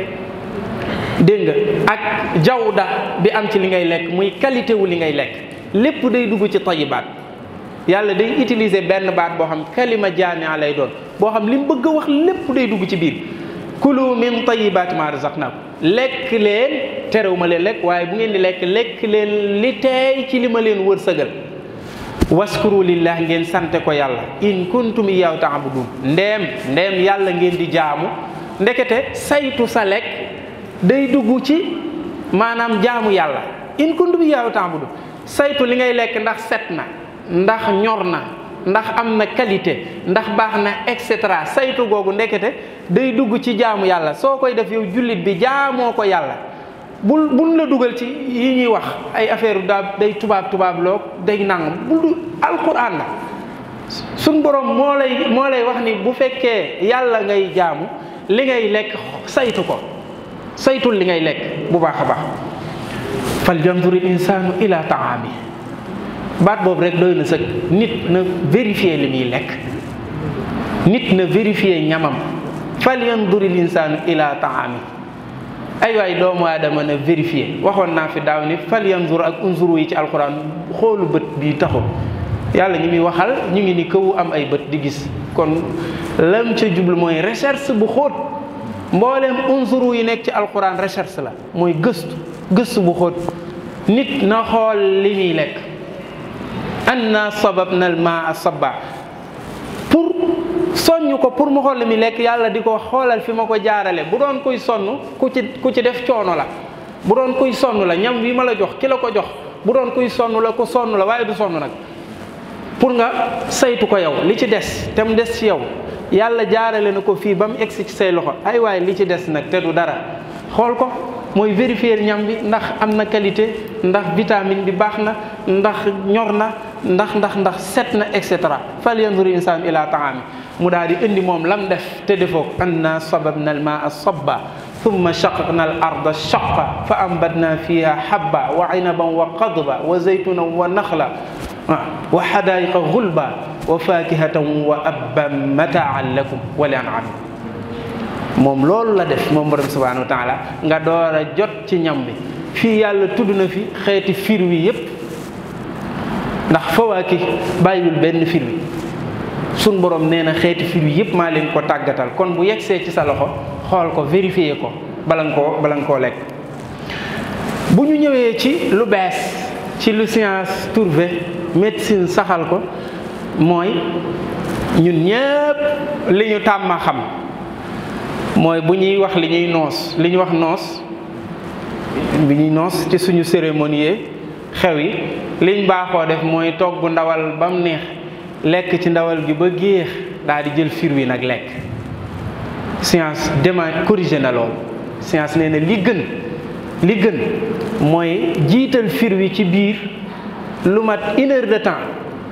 dégg nga ak jawda bi am ci li ngay lekk muy qualité wu li ngay lekk lépp day dugg ci tayibaat yàlla day utiliser benn baat boo xam kalima jaamia lay doon boo xam li mu bëgg a wax lépp day dugg ci biir kulu min tayibaat ma razaqnaakum lekk leen terew ma leen lekk waaye bu ngeen di lekk lekk leen li teey ci li ma leen wër sëgal waskuru lillah ngeen sante ko yàlla in kuntum iyyaahu ta'budun ndeem ndeem yàlla ngeen di jaamu ndekete saytu sa lekk day dugg ci maanaam jaamu yàlla in kuntum iyyaahu ta'buduun saytu li ngay lekk ndax set na ndax ñor na ndax am na qualité ndax baax na et cetera saytu googu ndekete day dugg ci jaamu yàlla soo koy def yow jullit bi jaamoo ko yàlla bul bun la dugal ci yi ñuy wax ay affaire daab day tubaab tubaab loog day nang bul du alquran la suñ borom moo lay moo lay wax ni bu fekkee yàlla ngay jaamu li ngay lekk saytu ko saytul li ngay lekk bu baax a baax fal yanzuril insaanu ila taami baat boobu rek doy na sëkk nit na vérifier li muy lekk nit na vérifier ñamam fal yanzuril insaanu ila taami ay waay doomu aadama na vérifier waxoon naa fi daaw ni fal ak unzuru yi ci alxuraan xoolu bët bi taxul yàlla ñu muy waxal ñu ngi ni këwu am ay bët di gis kon lam ca jublu mooy recherche bu xóot mbooleem unsuru yi nekk ci alquran recherche la mooy gëstu gëstu bu xóot nit na xool li muy lekk anna sababna al maa sabba pour soññ ko pour mu xool li muy lekk yàlla di ko xoolal fi ma ko jaarale bu doon kuy sonn ku ci ku ci def coono la bu doon kuy sonn la ñam wi ma la jox ki la ko jox bu doon kuy sonn la ku sonn la waaye du sonn nag pour nga saytu ko yow li ci des te mu des ci yow yàlla jaarale na ko fii ba mu egsi ci say loxo ay waay li ci des nag te du dara xool ko mooy vérifier ñam bi ndax am na qualité ndax vitamine bi baax na ndax ñor na ndax ndax ndax set na et cetera fal yanzur insaan ila taami mu daal di indi moom lam def te defoo anna sababna al maa sabba ثم شققنا الأرض شقا فأنبتنا فيها حبا وعنبا وقضبا وزيتنا ونخلا Ah. wa xadaaiqa xulba wa fakihatan wa abban mataan lakum wa li an'aamikum moom loolu la def moom borom subhanahu wa nga door a jot ci ñam bi fii yàlla tudd na fi xeeti fir wi yépp ndax fawaaki bàyyiwul benn fir wi suñ borom nee na xeeti fir wi yépp maa leen ko tàggatal kon bu yegsee ci sa loxo xool ko vérifier ko bala nga koo bala nga koo lekk bu ñu ñëwee ci lu bees ci lu science trouvé médecine saxal ko mooy ñun ñëpp li ñu tàmm mooy bu ñuy wax li ñuy noos li ñu wax noos bi ñuy noos ci suñu cérémonie xew yi liñ baaxoo def mooy togg ndawal ba neex lekk ci ndawal gi ba géex daal di jël fir wi nag lekk science dema corrigé na loolu science nee na li gën li gën mooy jiital fir wi ci biir lu mat une heure de temps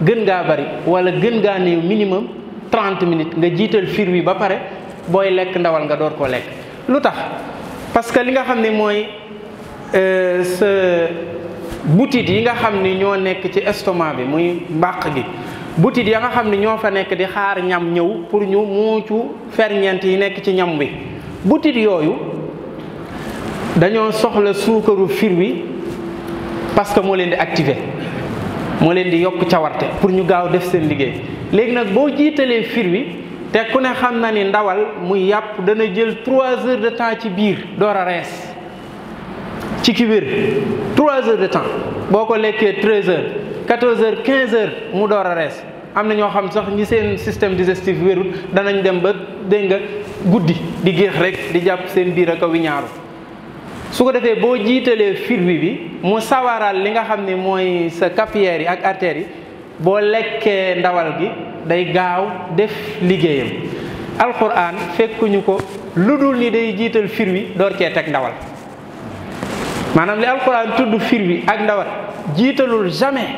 gën ngaa bari wala gën gaa néew minimum trente minutes nga jiital fir wi ba pare booy lekk ndawal nga door ko lekk lu tax parce que li nga xam ne mooy sa euh, butit yi nga xam ni ñoo nekk ci estomac bi muy mbàq gi butit ya nga xam ni ñoo fa nekk di xaar ñam ñëw pour ñu muucu ferñeent yi nekk ci ñam wi butit yooyu dañoo soxla suukaru fir wi parce que moo leen di activer moo leen di yokk cawarte pour ñu gaaw def seen liggéey léegi nag boo jiitalee fir wi te ku ne xam na ni ndawal muy yàpp dana jël trois heures de temps ci biir door a rees ci kibir trois heures de temps boo ko lekkee treize heures quatorze heures quinze heures mu door a rees am na ñoo xam sax ñi seen système digestif wérul danañ dem ba dégg nga guddi di géex rek di jàpp seen biir ak a wiñaaru su ko defee boo jiitalee firwi bi mu sawaral li nga xam ni mooy sa capillaires yi ak artères yi boo lekkee ndawal gi day gaaw def liggéeyam alxuraan fekkuñu ko lu dul ni day jiital firwi door cee teg ndawal maanaam li alxuraan tudd firwi ak ndawal jiitalul jamais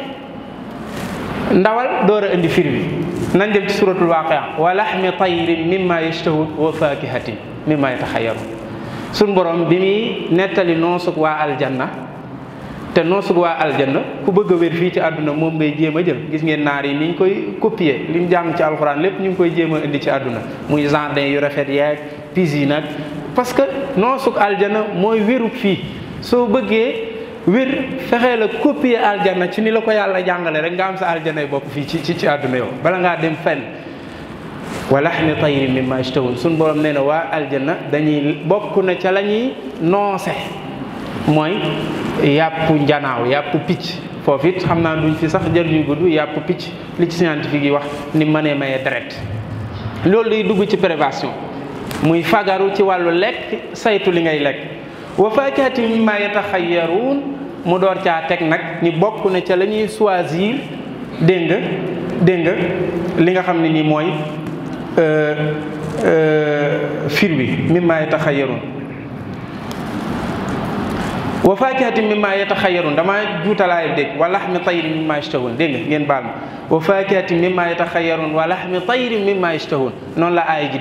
ndawal door a indi firwi nañ dem ci suratul waaqia wa laxmi tayrin mimma yashtahun wa fakihatin mimma yataxayaru suñ borom bi muy nettali noosug waa aljana te noosug waa aljanna ku bëgg a wér fii ci àdduna moom ngay jéem a jël gis ngeen naar yi ni ñu koy copier li mu jàng ci alxuraan lépp ñu ngi koy jéem a indi ci àdduna muy jardin yu rafet yaag piscine nag parce que noosug aljanna mooy wérub fii soo bëggee wér fexee la copier aljana ci ni la ko yàlla jàngale rek nga am sa aljanna bopp fii ci ci ci àdduna yow bala ngaa dem fen wa laxmi tayrin mimma yashtahoon suñ borom nee na waa aljanna dañuy bokk na ca lañuy ñuy noose mooy yàpp njanaaw yàpp picc foofu it xam naa duñ fi sax jër ñuy gudd yàppu picc li ci scientifique yi wax ni mënee maye deret loolu day dugg ci prévention muy fagaru ci wàllu lekk saytu li ngay lekk wa tax mimma yataxayyaruun mu door caa teg nag ni bokk na ca la ñuy choisir dégg nga dégg nga li nga xam ne nii mooy Euh, euh, fir bi mimmaa yataxayaroon wa faakihatin mimmaa yataxayaroon damaa juutalaay dégg wa laxmi tayrin mimmaa yashtahoon dégg nga ngeen baal ma wa faakihatin mimmaa yataxayaroon wa laxmi tayrin mimmaa yashtahoon noonu la aaya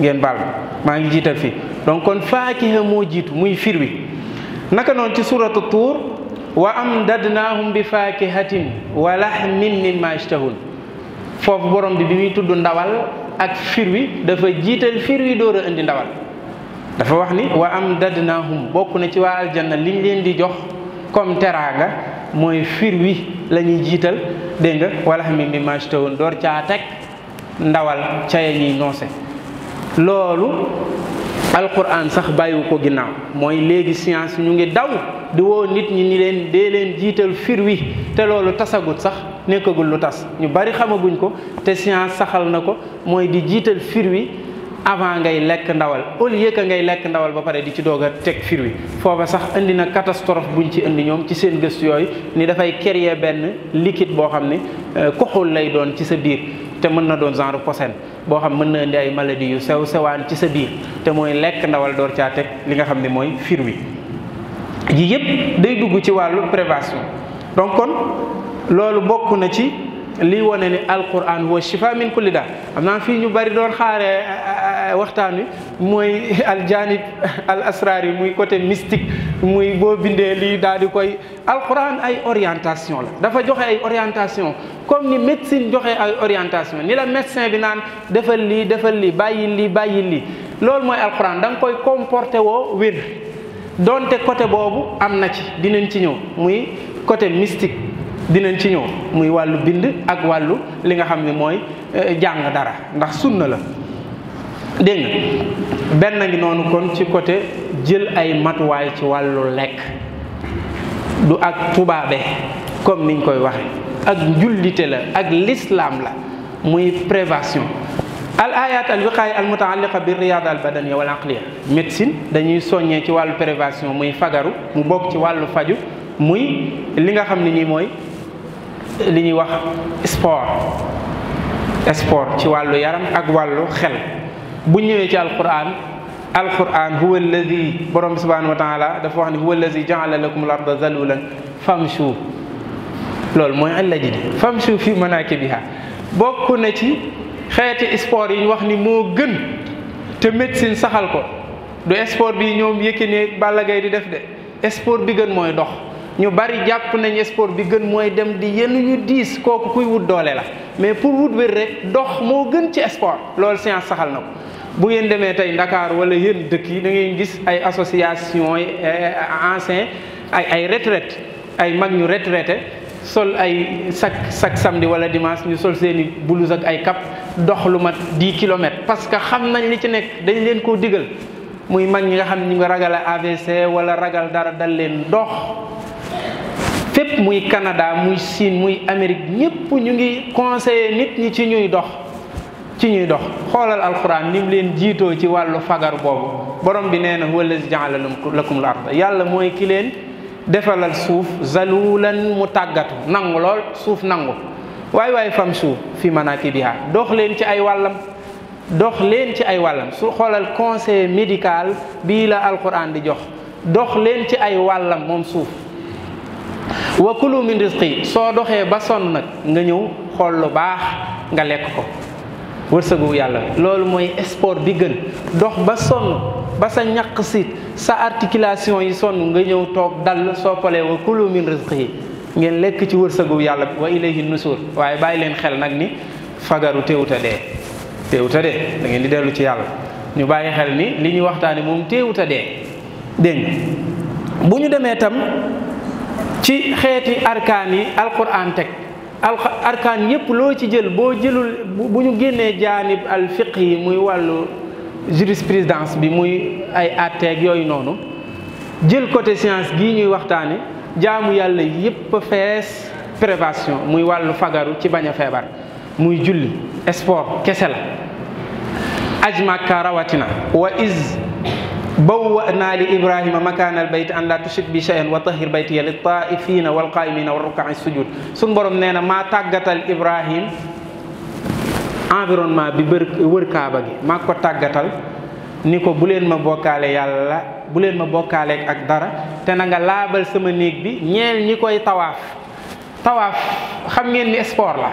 ngeen baal ma maa ngi jiital fii don kon faakiha moo jiitu muy fir bi naka noonu ci suratu tuur wa amdadnaahum bi faakihatin wa laxmin mimmaa yashtahoon foofu borom bi bi muy tudd ndawal ak fir wi dafa jiital fir wi door indi ndawal dafa wax ni wa am dadnaahum bokk na ci waa aljanna liñ leen di jox comme teraanga mooy fir wi lañuy jiital dégg nga wala xam mi mimage tawoon door caa teg ndawal ca ñuy noose loolu alquran sax bàyyiwu ko ginnaaw mooy léegi science ñu ngi daw di woo nit ñi ni leen dee leen jiital fir wi te loolu tasagut sax nekkagul lu tas ñu bari xamaguñ ko te science saxal na ko mooy di jiital fir wi avant ngay lekk ndawal au lieu que ngay lekk ndawal ba pare di ci doog teg fir wi foofa sax indi na bu ñu ci indi ñoom ci seen gëstu yooyu ni dafay créer benn liquide boo xam ne koxul euh, lay doon ci sa biir te mën na doon genre posen boo xam mën na indi ay maladie yu sew sewaan ci sa biir te mooy lekk ndawal door caa teg li nga xam ne mooy fir wi yi yëpp day dugg ci wàllu prévention donc kon loolu bokk na ci lii wone ni alquran huwa shifa min kulli daa naa fii ñu bari doon xaaree Euh, waxtaan wi mooy aljanib al asrar yi muy côté mystique muy boo bindee lii daal di koy alquran ay orientation la dafa joxe ay orientation comme ni médecine joxe ay orientation ni la médecin bi naan defal lii defal lii bàyyi lii bàyyi lii loolu mooy alquran da nga koy comporté woo wér donte côté boobu am na ci dinañ ci ñëw muy côté mystique dinañ ci ñëw muy wàllu bind ak wàllu li nga xam ne mooy euh, jàng dara ndax sunna la dégg benn ngi noonu kon ci côté jël ay matuwaay ci wàllu lekk du ak tubaabe comme niñ koy wax ak njullite la ak lislaam la muy prévention al ayat al wiqaaya al mutaalliqa bi riyaada al badaniya wal aqliya médecine dañuy soññee ci wàllu prévention muy fagaru mu bokk ci wàllu faju muy li nga xam ni nii mooy li ñuy wax sport sport ci wàllu yaram ak wàllu xel bu ñëwee ci alquran alquran huwa alladi borom bi subhanahu wa taala dafa wax ne huwa alladi jaala lakum al arda zalulan famshu loolu mooy allaji di famshu fi manakibiha bokk na ci xeeti sport yi ñu wax ni moo gën te médecine saxal ko du sport bii ñoom Yékini Balla Gaye di def de sport bi gën mooy dox ñu bari jàpp nañ sport bi gën mooy dem di yenn ñu diis kooku kuy wut doole la mais pour wut wér rek dox moo gën ci sport loolu science saxal na ko bu ngeen demee tey ndakaaru wala yéen dëkk yi da ngeen gis ay association yi ancien ay ay retraite ay mag ñu retraité sol ay chaque chaque samedi wala dimanche ñu sol seeni blouse ak ay cap dox lu mat di kilomètres parce que xam nañ li ci nekk dañ leen koo digal muy mag ñi nga xam ne ñu ngi ragal a AVC wala ragal dara dal leen dox fépp muy Canada muy Chine muy Amérique ñëpp ñu ngi conseillé nit ñi ci ñuy dox ci ñuy dox xoolal alxuraan ni mu leen jiitoo ci wàllu fagar boobu borom bi nee na wallazi jaala lakum l-arda yàlla mooy ki leen defalal suuf zalulan mu tàggatu nangu lool suuf nangu waay waay fam suuf fi manakibiha dox leen ci ay wàllam dox leen ci ay wàllam su xoolal conseil médical bii la alxuraan di jox dox leen ci ay wàllam moom suuf wa kulu min soo doxee ba sonn nag nga ñëw xool lu baax nga lekk ko wërsëgu yàlla loolu mooy sport bi gën dox ba sonn ba sa ñaq siit sa articulation yi sonn nga ñëw toog dal soppalee wa kulu min rizqi yi ngeen lekk ci wërsëgu yàlla wa ilayhi nusuur waaye bàyyi leen xel nag ni fagaru teewut a dee teewut dee da ngeen di dellu ci yàlla ñu bàyyi xel ni li ñuy waxtaane moom teewut a dee dégg bu ñu demee tam ci xeeti arkaan yi alquran teg al arkan yépp loo ci jël boo jëlul bu ñu génnee jaanib al fiq yi muy wàllu jurisprudence bi muy ay atteeg yooyu noonu jël côté science gi ñuy waxtaane jaamu yàlla yépp fees prévention muy wàllu fagaru ci bañ a feebar muy julli sport kese la aj màkka rawatina wa iz bawwa'naa li Ibrahima makaanal bayti an laa tushrik bi shay'an wa tahhir baytiya li taa'ifiina wal qaa'imiina wa rukkaa'i sujuud suñ borom nee na maa tàggatal Ibrahim environnement bi bër wër kaaba gi maa ko tàggatal ni ko bu leen ma bokkaale yàlla bu leen ma bokkaaleeg ak dara te na nga laabal sama néeg bi ñeel ñi koy tawaaf tawaaf xam ngeen ni spoor la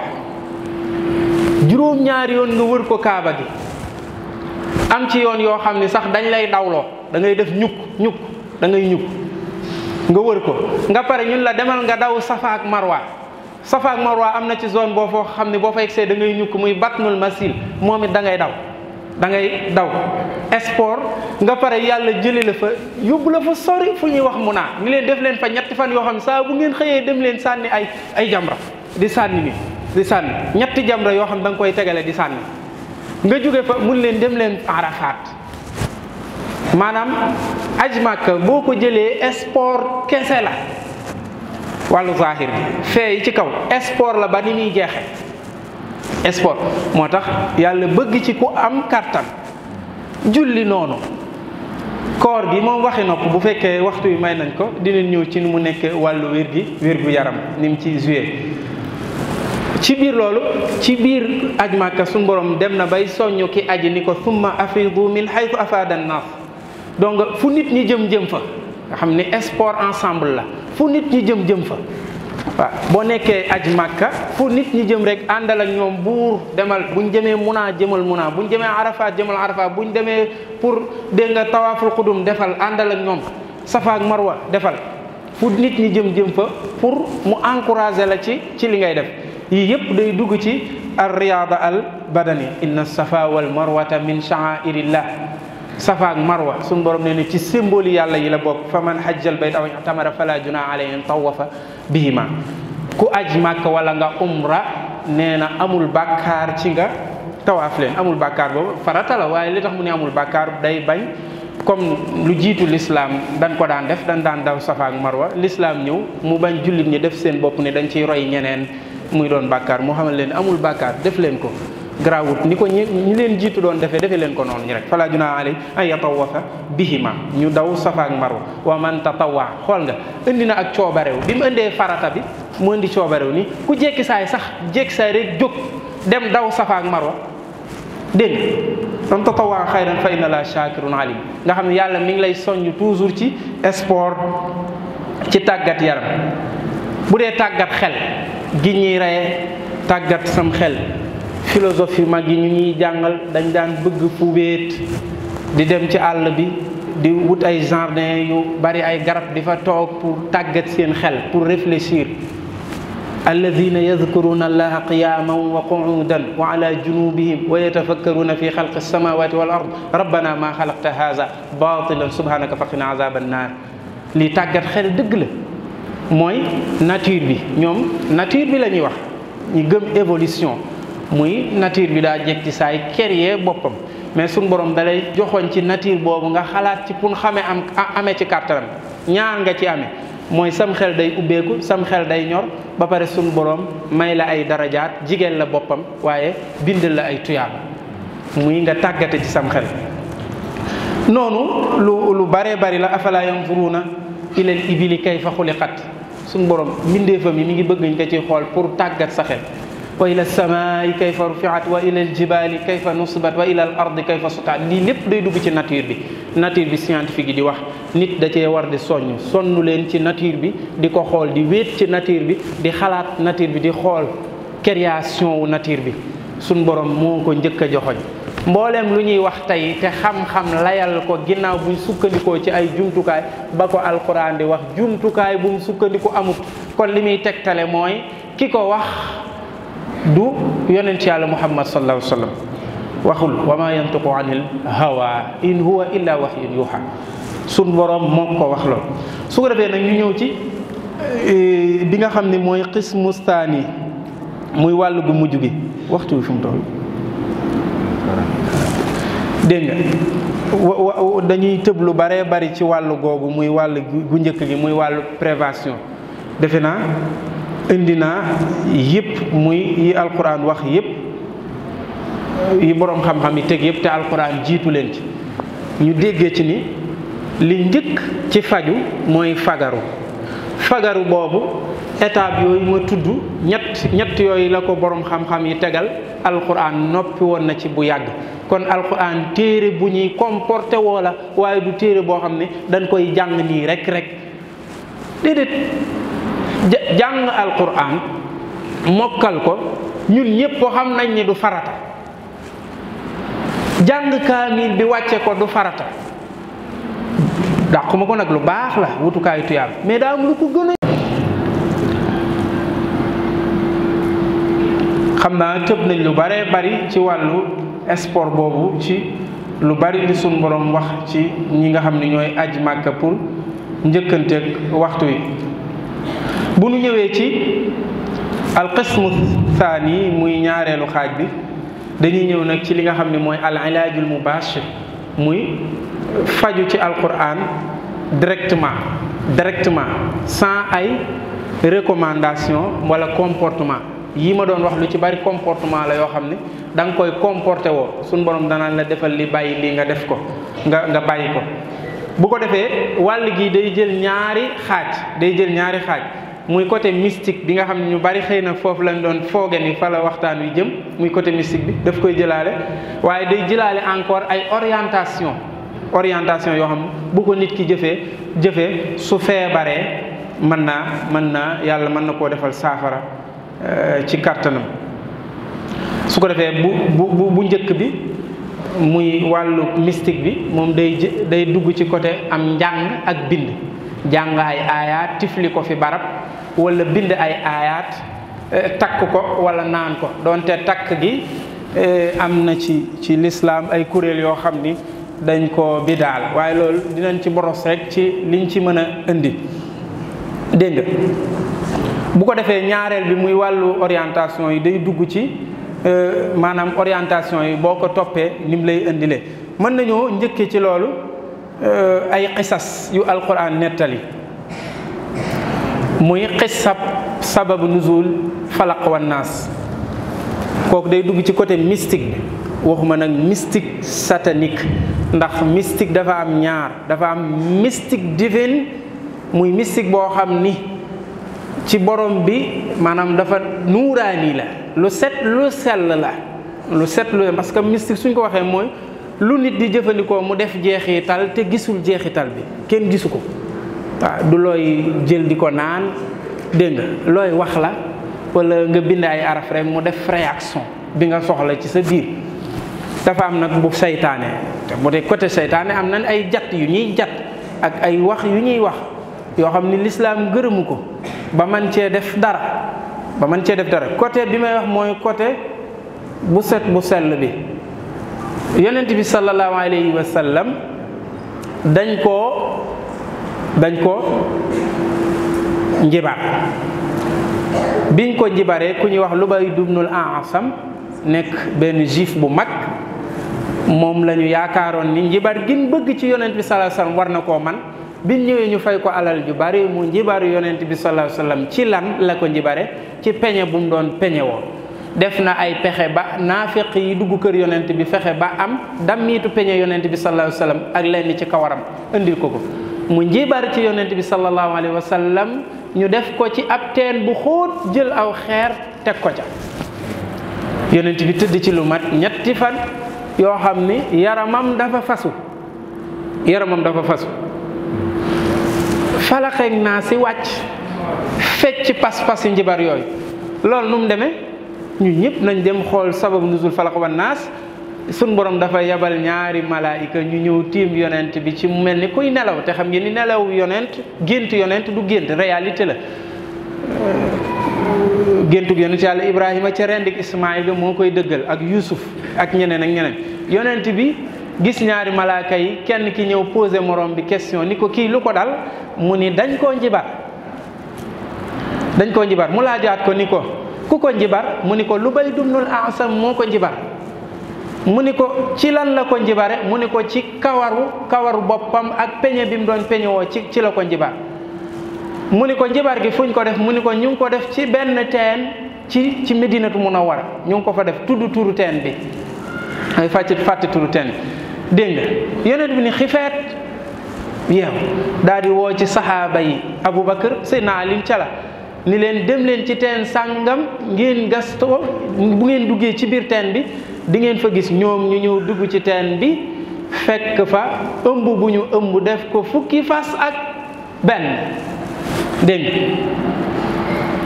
juróom-ñaari yoon nga wër ko kaaba gi. am ci yoon yoo xam ni sax dañ lay dawloo da ngay def ñukk ñukk dangay ngay ñukk nga wër ko nga pare ñun la demal nga daw safa marwa safa ak marwa am na ci zone boo foo xam ne boo fa egsee da ngay ñukk muy batnul masil moom it dangay daw da ngay daw sport nga pare yàlla jëlee la fa yóbbu la fa sori fu ñuy wax mu naa ni leen def leen fa ñetti fan yoo xam ne saa bu ngeen xëyee dem leen sànni ay ay jamra di sànni ni di sànni ñetti jamra yoo xam da nga koy tegale di sànni nga jóge fa mun leen dem leen Arafat maanaam aj boo ko jëlee sport kese la wàllu zahir bi fee ci kaw sport la ba ni muy jeexe sport moo tax yàlla bëgg ci ku am kartan julli noonu koor gi moom waxi nopp bu fekkee waxtu wi may nañ ko dinañ ñëw ci nu mu nekk wàllu wér gi wér gu yaram ni mu ci joué ci biir loolu ci biir aj màkka su borom dem na bay soññ ki aj ni ko summa afidu min haythu afada an-nas donc fu nit ñi jëm jëm fa nga xam ni sport ensemble la fu nit ñi jëm jëm fa waaw boo nekkee aj màkka fu nit ñi jëm rek àndal ak ñoom buur demal buñ jëmee munaa jëmal munaa buñ jëmee arafat jëmal arafat buñ demee pour dégg nga tawaaful xudum defal àndal ak ñoom safa marwa defal fu nit ñi jëm jëm fa pour mu encourager la ci ci li ngay def yii yëpp day dugg ci ar riyaada al badani inna safa wal marwata min sha'airillah safa ak marwa suñu borom nee na ci symbole yàlla yi la bokk fa man hajjal bayt aw i'tamara fala junaa alayhi an fa bihima ku aj màkk wala nga umra nee na amul bàkkaar ci nga tawaaf leen amul bàkkaar boobu farata waaye li tax mu ne amul bàkkaar day bañ comme lu jiitu lislaam dañ ko daan def dañ daan daw safa ak marwa lislaam ñëw mu bañ jullit ñi def seen bopp ni dañ ciy roy ñeneen muy doon bàkkaar moo xamal leen amul bàkkaar def leen ko garaawut ni ko ñi ñi leen jiitu doon defee defee leen ko noonu ñu rek fala junaa alay an yatawafa bihima ñu daw safa ak marwa wa man tatawaa xool nga indi na ak coobarew bi mu indee farata bi mu indi coobarew ni ku jékki saay sax jékki saay rek jóg dem daw safa ak marwa dégg nga man tatawaa xayran fa inna la shakirun alim nga xam ne yàlla mi ngi lay soññ toujours ci sport ci tàggat yaram bu gi ñuy reye tàggat sam xel philosophie mag yi ñu ñuy jàngal dañ daan bëgg fu wéet di dem ci àll bi di wut ay jardin yu bari ay garab di fa toog pour tàggat seen xel pour réfléchir alladina yadkuruna allaha qiyaman wa quudan wa ala junubihim wa yatafakkaruna fi xalqi alsamawati wal ard rabbana ma xalaqta haza batilan subhanaka faqina azaba annar lii tàggat xel dëgg la mooy nature bi ñoom nature bi la ñuy wax ñu gëm évolution muy nature bi daa jekk ci saay créer boppam mais suñ boroom dalay joxoon ci nature boobu nga xalaat ci pour xamee am amee ci kàttaram ñaar nga ci amee mooy sam xel day ubbeeku sam xel day ñor ba pare suñ boroom may la ay darajaat jigéen la boppam waaye bind la ay tuyaaba muy nga tàggate ci sam xel noonu lu lu baree bari la afala yanzuruna ilal ibili kay fa xat suñu borom mbindeefam yi mi ngi bëgg ñu ko ci xool pour tàggat sa xel wa ila samaai kay fa rufiat wa ila jibaali kay fa nusibat wa ila ardi kay fa sutaat lii lépp day dugg ci nature bi nature bi scientifique yi di wax nit da cee war di soññ sonn leen ci nature bi di ko xool di wéet ci nature bi di xalaat nature bi di xool création wu nature bi suñ borom moo ko njëkk a joxoñ mbooleem lu ñuy wax tey te xam-xam layal ko ginnaaw buñ sukkandikoo ci ay jumtukaay ba ko alquran di wax jumtukaay bu sukkandiku amut kon li muy tegtale mooy ki ko wax du yonent yàlla muhammad sallallahu alayhi wa sallam waxul ma yantiqu in huwa illa wahyun yuha sun boroom ko wax lool su ko defee nag ñu ñëw ci e, bi nga xam ni mooy xismu staani muy wàll gu mujj gi waxtu bi fi mu toll dégg nga dañuy tëb lu baree bari ci wàll googu muy wàll gu njëkk gi muy wàllu prévention defe naa indi naa yépp muy yi alquran wax yépp yi boroom xam-xam yi teg yëpp te alxuraan jiitu leen ci ñu déggee ci ni li njëkk ci faju mooy fagaru fagaru boobu étape yooyu ma tudd ñett ñett yooyu la ko borom xam-xam yi tegal alquran noppi woon na ci bu yàgg kon alquran téere bu ñuy comporté woo la waaye du téere boo xam ne dañ koy jàng nii rek rek déedéet jàng alquran mokkal ko ñun ñépp xam nañ ni du farata jàng kaamil bi wàcce ko du farata dàquma ko nag lu baax la wutukaayu tuyaab mais daa am lu ko gën xam naa tëb nañ lu baree bari ci wàllu sport boobu ci lu bari di suñ borom wax ci ñi nga xam ni ñooy aj màkka pour njëkkanteeg waxtu wi bu nu ñëwee ci alqismu thani muy ñaareelu xaaj bi dañuy ñëw nag ci li nga xam ni mooy al ilaajul mubashir muy faju ci alquran directement directement sans ay recommandation wala comportement yii ma doon wax lu ci bari comportement la yoo xam ne danga koy comporté woo suñ borom danaan la defal li bàyyi lii nga def ko nga nga bàyyi ko bu ko defee wàll gi day jël ñaari xaaj day jël ñaari xaaj muy côté mystique bi nga xam ne ñu bari xëy na foofu lañ doon fooge ni fa la waxtaan wi jëm muy côté mystique bi daf koy jëlaale waaye day jëlaale encore ay orientation orientation yoo xam bu ko nit ki jëfee jëfe su feebaree mën naa mën naa yàlla mën na koo defal saafara Euh, ci kartanam su ko defee bu bu bu njëkk bi muy wàllu mystique bi moom day day dugg ci côté am njàng ak bind jàng ay aayaat tifli ko fi barab walla bind ay aayaat euh, takk ko wala naan ko donte takk gi euh, am na ci ci lislaam ay kuréel yoo xam ni dañ ko bidaal waaye loolu dinañ ci boros rek ci liñ ci mën a indi dégg bu ko defee ñaareel bi muy wàllu orientation yi day dugg ci euh, maanaam orientation yi boo ko toppee lim lay indile mën nañoo njëkkee ci loolu euh, ay xisas yu alquran nettali muy xisab sababu nuzul falaq wan naas kooku day dugg ci côté mystique bi waxuma nag mystique satanique ndax mystique dafa am ñaar dafa am mystique divine muy mystique boo xam ni ci borom bi maanaam dafa nuuraani la lu set lu sell la lu set lu parce que mystique suñ ko waxee mooy lu nit di jëfandikoo mu def jeexital te gisul jeexital bi kenn gisu ko waa du looy jël di ko naan dégg nga looy wax la wala nga bind ay araf rek mu def réaction bi nga soxla ci sa biir dafa am nag bu saytaane te bu dee côté saytaane am nañ ay jatt yu ñuy jatt ak ay wax yu ñuy wax yoo xam ni lislaam gërëmu ko ba man cee def dara ba man cee def dara côté bi may wax mooy côté bu set bu sell bi yonent bi sallallahu alayhi wa dañ koo dañ ko njibar biñ ko njibaree ku ñuy wax lu Lubay dubnul Asam nekk benn juif bu mag moom lañu ñu yaakaaroon ni njibar gin bëgg ci yonent bi sallallahu alayhi war na koo man bi ñëwee ñu fay ko alal ju bari mu njibaru yonent bi sallallahu alayhi ci lan la ko njibare ci peñe bu mu doon peñe woo def na ay pexe ba naafiq yi dugg kër yonent bi fexe ba am dammiitu peñe yonent bi sallallahu alayhi ak ak lenn ci kawaram indi ko ko mu njibar ci yonent bi sallallahu alayhi wasallam ñu def ko ci ab teen bu xóot jël aw xeer teg ko ca yonent bi tëdd ci lu mat ñetti fan yoo xam ni yaramam dafa fasu yaramam dafa fasu falaxeeg naa si wàcc fecc pas-pas yi njibar yooyu loolu nu mu demee ñu ñëpp nañ dem xool sababu nuzul falax wan naas suñ borom dafa yebal ñaari malaayika ñu ñëw tiim yonent bi ci mel ni kuy nelaw te xam ngeen ni nelaw yonent gént yonent du gént réyalité la géntug yonent yàlla ibrahima ca rendik ismaïla moo koy dëggal ak yusuf ak ñeneen ak ñeneen yonent bi gis ñaari malaaka yi kenn ki ñëw posé morom bi question ni ko kii lu ko dal mu ni dañ koo njibar dañ koo njibar mu laajaat ko ni ko ku ko njibar mu ni ko lu bay dumnul ansam moo ko njibar mu ni ko ci lan la ko njibare mu ni ko ci kawaru kawaru boppam ak peñe bi mu doon peñewoo ci ci la ko njibar mu ni ko njibar gi fuñ ko def mu ni ko ñu ngi ko def ci benn teen ci ci Medinatu war ñu ngi ko fa def tudd turu teen bi ay fàcce fàtte turu teen dégg nga yonent bi ni xifeet yeew daal woo ci saxaaba yi Aboubacar Seydina Ali cala ni leen dem leen ci teen sàngam ngeen gasto bu ngeen duggee ci biir teen bi dingeen fa gis ñoom ñu ñëw dugg ci teen bi fekk fa ëmb bu ñu ëmb def ko fukki fas ak benn dégg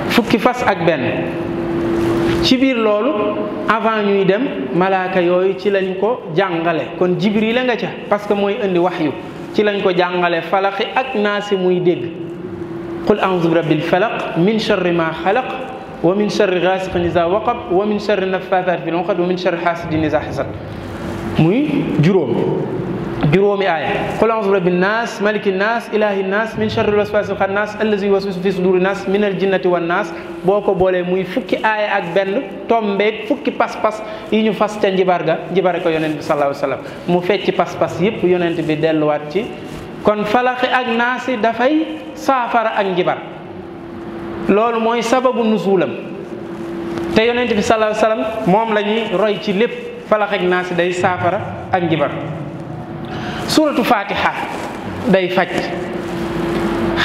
fukki fas ak benn ci biir loolu avant ñuy dem malaaka yooyu ci lañ ko jàngale kon yi la nga ca parce que mooy indi waxyu ci lañ ko jàngale falaqi ak naa naasi muy dégg qul a'udhu bi rabbil falaq min sharri ma xalaq wa min sharri ghasiqin iza waqab wa min sharri naffaathati fil 'uqad wa min sharri hasidin iza hasad muy juróom juróomi aaya qul a'uuzu bi rabbi nnaas maliki nnaas ilaahi nnaas min sharri l-waswaasi l-xannaas allazi yuwaswisu fi suduuri nnaas min al-jinnati wan boo ko boolee muy fukki aaya ak benn tombeek fukki pas-pas yi ñu fas ca njibar ga njibare ko yonent bi sallallaahu alayhi wa sallam mu fecc pas-pas yépp yonent bi delluwaat ci kon falaxi ak naasi dafay saafara ak njibar loolu mooy sababu nuzuulam te yonent bi sallallaahu alayhi wa sallam moom la ñuy roy ci lépp falaxi ak naasi day saafara ak njibar suuratu fatiha day faj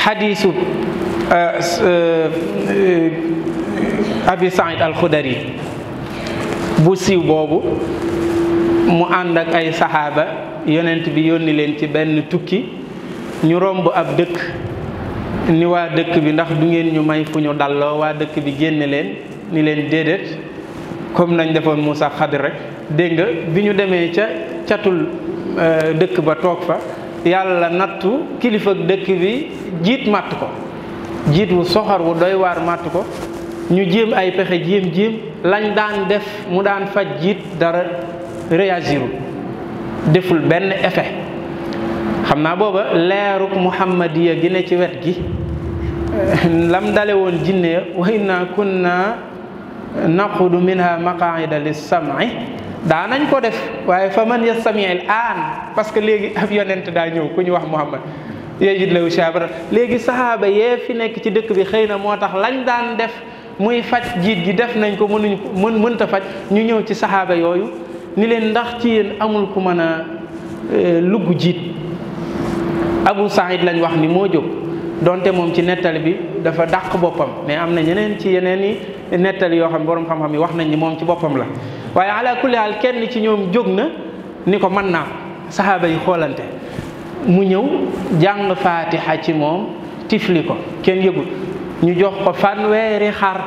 xadiisu uh, uh, uh, abi saïd alxudari bu siiw boobu mu ànd ak ay saxaaba yonent bi yónni leen ci benn tukki ñu romb ab dëkk ni waa dëkk bi ndax du ngeen ñu may fu ñu dalloo waa dëkk bi génne leen ni leen déedéet comme nañ defoon Moussa Xadir rekk dégg nga bi ñu demee ca catul Euh, dëkk ba toog fa yàlla nattu kilifa dëkk bi jiit màtt ko jiit wu soxor wu doy waar màtt ko ñu jéem ay pexe jéem jéem lañ daan def mu daan faj jiit dara réagiru deful benn effet xam naa booba leeruk muhammadiya gi ne ci wet gi lam dale woon jinne wa inna kunna naqudu minha maqaida lis sam'i daa nañ ko def waaye fa man yastami al aan parce que léegi ab yonent daa ñëw ku ñu wax muhammad yajid lahu shabra léegi saxaaba yee fi nekk ci dëkk bi xëy na moo tax lañ daan def muy faj jiit gi def nañ ko mënuñ mën mënta faj ñu ñëw ci saxaaba yooyu ni leen ndax ci yéen amul ku mën a e, lugg jiit abu saïd lañ wax ni moo jóg donte moom ci nettali bi dafa dàq boppam mais am na ñeneen ci yeneen i nettali yoo xam ne borom xam-xam yi wax nañ ni moom ci boppam la waaye ala kulli haal kenn ci ñoom jóg na ni ko mën naa saxaaba yi xoolante mu ñëw jàng faatiha ci moom tifli ko kenn yëgul ñu jox ko fanweeri xar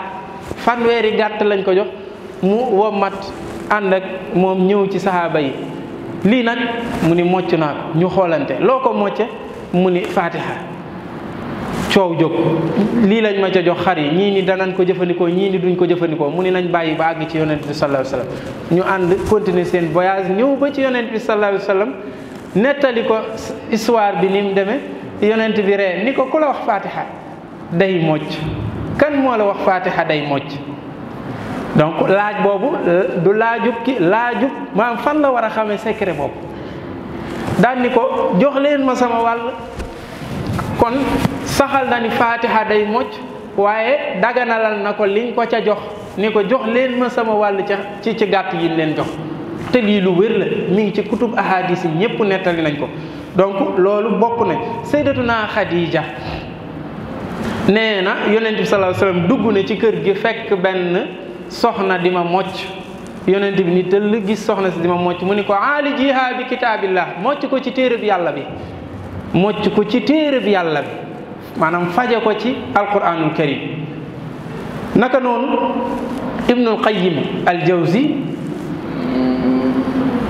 fanweeri gàtt lañ ko jox mu womat ànd ak moom ñëw ci saxaaba yi lii nag mu ni mocc naa ko ñu xoolante loo ko mocce mu ni faatiha coow jóg lii lañ ma ca jox xar yi ñii ni danañ ko jëfandikoo ñii ni duñ ko jëfandikoo mu ni nañ bàyyi ba àgg ci yonent bi sallallahu alayhi wasallam ñu ànd continuer seen voyage ñëw ba ci yonent bi sallallahu alayhi nettali ko histoire bi ni mu demee yonent bi ree ni ko ku la wax fatiha day mocc kan moo la wax fatiha day mocc donc laaj boobu du laajub ki laajub maam fan la war a xamee secret boobu daan ni ko jox leen ma sama wàll kon saxal na ni faatiha day mocc waaye daganalal na ko liñ ko ca jox ni ko jox leen ma sama wàll ca ci ci gàtt yi leen jox te lii lu wér la mi ngi ci kutub ahadis yi ñépp nettali nañ ko donc loolu bokk na sayyidatuna Xadija nee na yonent bi sallallahu alayhi dugg na ci kër gi fekk benn soxna di ma mocc yonent bi ni tëll gis soxna si di ma mocc mu ni ko aalijiha bi kitaabillah mocc ko ci téereb yàlla bi mocc ko ci téere téereb yàlla bi maanaam faje ko ci alquranul karim naka noonu ibnul qayim aljawzi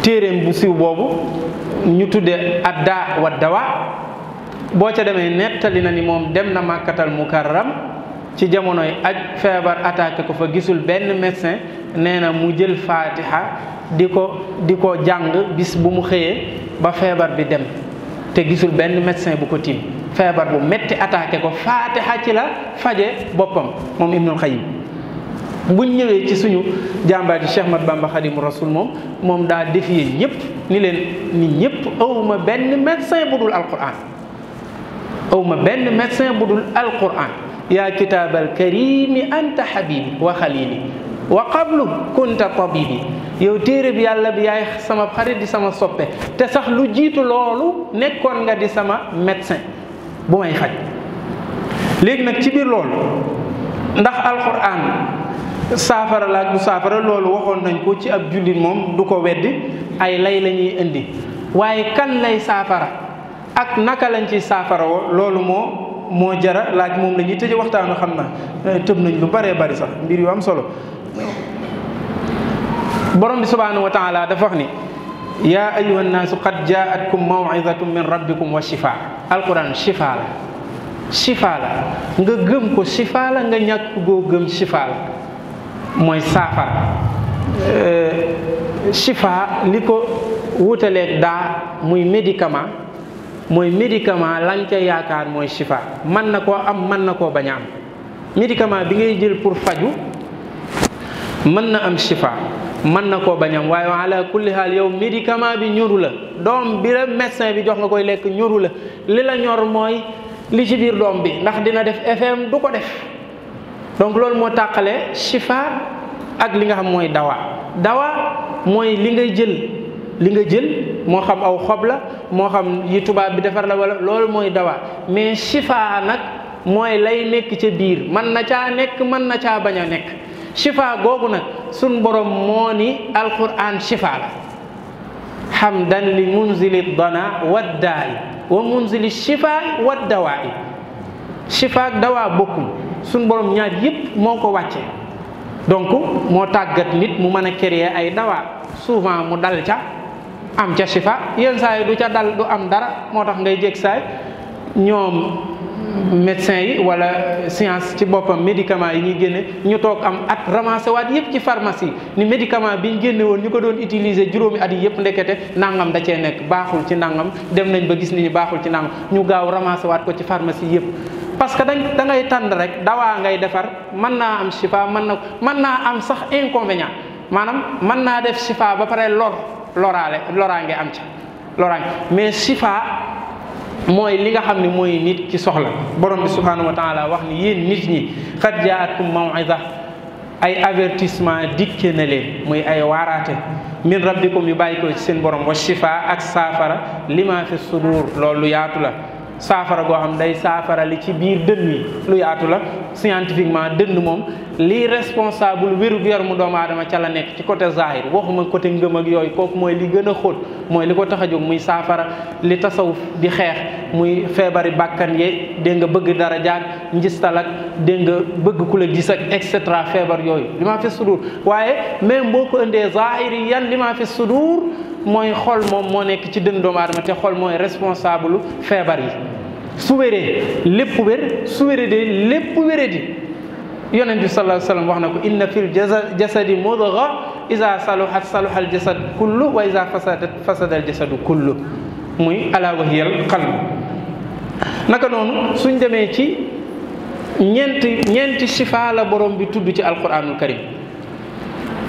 téereem bu siw boobu ñu tudde adda wa dawa boo ca demee nettali na ni moom dem na màkkatal mukarram ci jamonoy ak feebar attaqué ko fa gisul benn médecin nee na mu jël faatiha di ko di ko jàng bis bu mu xëyee ba feebar bi dem te gisul benn médecin bu ko tiim feebar bu metti attaqué ko faatixa ci la faje boppam moom Ibnul Xayim buñ ñëwee ci suñu jàmbaar ji Cheikh Mat Bamba Xadimu Rasul moom moom daa défier ñëpp ni leen ni ñëpp awma benn médecin bu dul alquran awma benn médecin bu dul alquran yaa kitaabal karimi anta habibi wa wa qablu kunta tabibi yow téere bi yàlla bi yaay sama xarit di sama soppe te sax lu jiitu loolu nekkoon nga di sama médecin bu may xaj léegi nag ci biir loolu ndax alquran saafara la ak saafara loolu waxoon nañ ko ci ab jullit moom du ko weddi ay lay lañuy indi waaye kan lay saafara ak naka lañ ci saafara loolu moo moo jara laaj moom la ñuy tëje waxtaanu xam na tëb nañ lu baree bari sax mbir yu am solo borom bi subhanahu wa taala dafa wax ni yaa ayuha nnaasu qad jaatkum mawidatum min rabbikum wa shifa alquran shifa la shifa la nga gëm ko shifa la nga ñàkk goo gëm shifa la mooy saafara euh, shifa li ko wutaleeg daa muy médicament mooy médicament lañ ca yaakaar mooy shifa mën na koo am mën na koo bañ a médicament bi ngay jël pour faju mën na am shifa mën na koo bañam waaye ala kulli xaal yow médicament bi ñoru la doom bi la médecin bi jox nga koy lekk ñoru la li la ñor mooy li ci biir doom bi ndax dina def FM du ko def donc loolu moo tàqale shifa ak li nga xam mooy dawa dawa mooy li ngay jël li nga jël moo xam aw xob la moo xam yi tubaab bi defar la wala loolu mooy dawa mais shifa nag mooy lay nekk ca biir mën na caa nekk mën na caa bañ a nekk shifa googu nag sun borom moo ni alquran shifa la hamdan li munzili dana waddaayi wa munzili shifaay waddawaayi shifa ak dawaa bokkul sun borom ñaar yépp moo ko wàcce donc moo tàggat nit mu mën a créer ay dawaa souvent mu dal ca am ca shifa yenn saa yi du ca dal du am dara moo tax ngay jég saay ñoom médecin yi wala science ci boppam médicament yi ñuy génne ñu toog am at ramassé waat yëpp ci pharmacie ni médicament bi ñu génne woon ñu ko doon utiliser juróomi at yi yëpp ndekete nangam da cee nekk baaxul ci nangam dem nañ ba gis ni ñu baaxul ci nangam ñu gaaw ramassé waat ko ci pharmacie yëpp. parce que dañ da ngay tànn rek dawaa ngay defar mën naa am chifa man na mën naa am sax inconvénient maanaam mën naa def chifa ba pare lor loraale loraa ngay am ca mooy li nga xam ni mooy nit ki soxla borom bi subhaanahu wa wax ni yéen nit ñi xat jaatkum mawida ay avertissement dikke na leen muy ay waaraate min rabbikum yu bàyyi ko ci seen borom wa shifa ak saafara lima fi sudur loolu yaatu la saafara goo xam day saafara li ci biir dënn yi lu yaatu la scientifiquement dënn moom lii responsable wéru yaramu doomu aadama ca la nekk ci côté zahir waxuma côté ngëm ak yooyu kooku mooy li gën a xóot mooy li ko tax a jóg muy saafara li tasawuf di xeex muy feebari bàkkan ye dégg nga bëgg dara jaag njistal ak dégg nga bëgg ku la gis ak et cetera feebar yooyu li maa fi sudur waaye même boo ko indee zahiri yan li maa fi sudur mooy xol moom moo nekk ci dënn doomu aadama te xol mooy responsable feebar yi su wéree lépp wér su wéree de lépp wéree di yonent bi sallallahu alayhi wax na ko inna fil jasadi mudga isa saluhat saluha al jasad kullu wa isa fasadat jasadu kullu muy ala wahiyal qalb naka noonu suñ demee ci ñeenti ñeenti shifa la borom bi tudd ci alquranul karim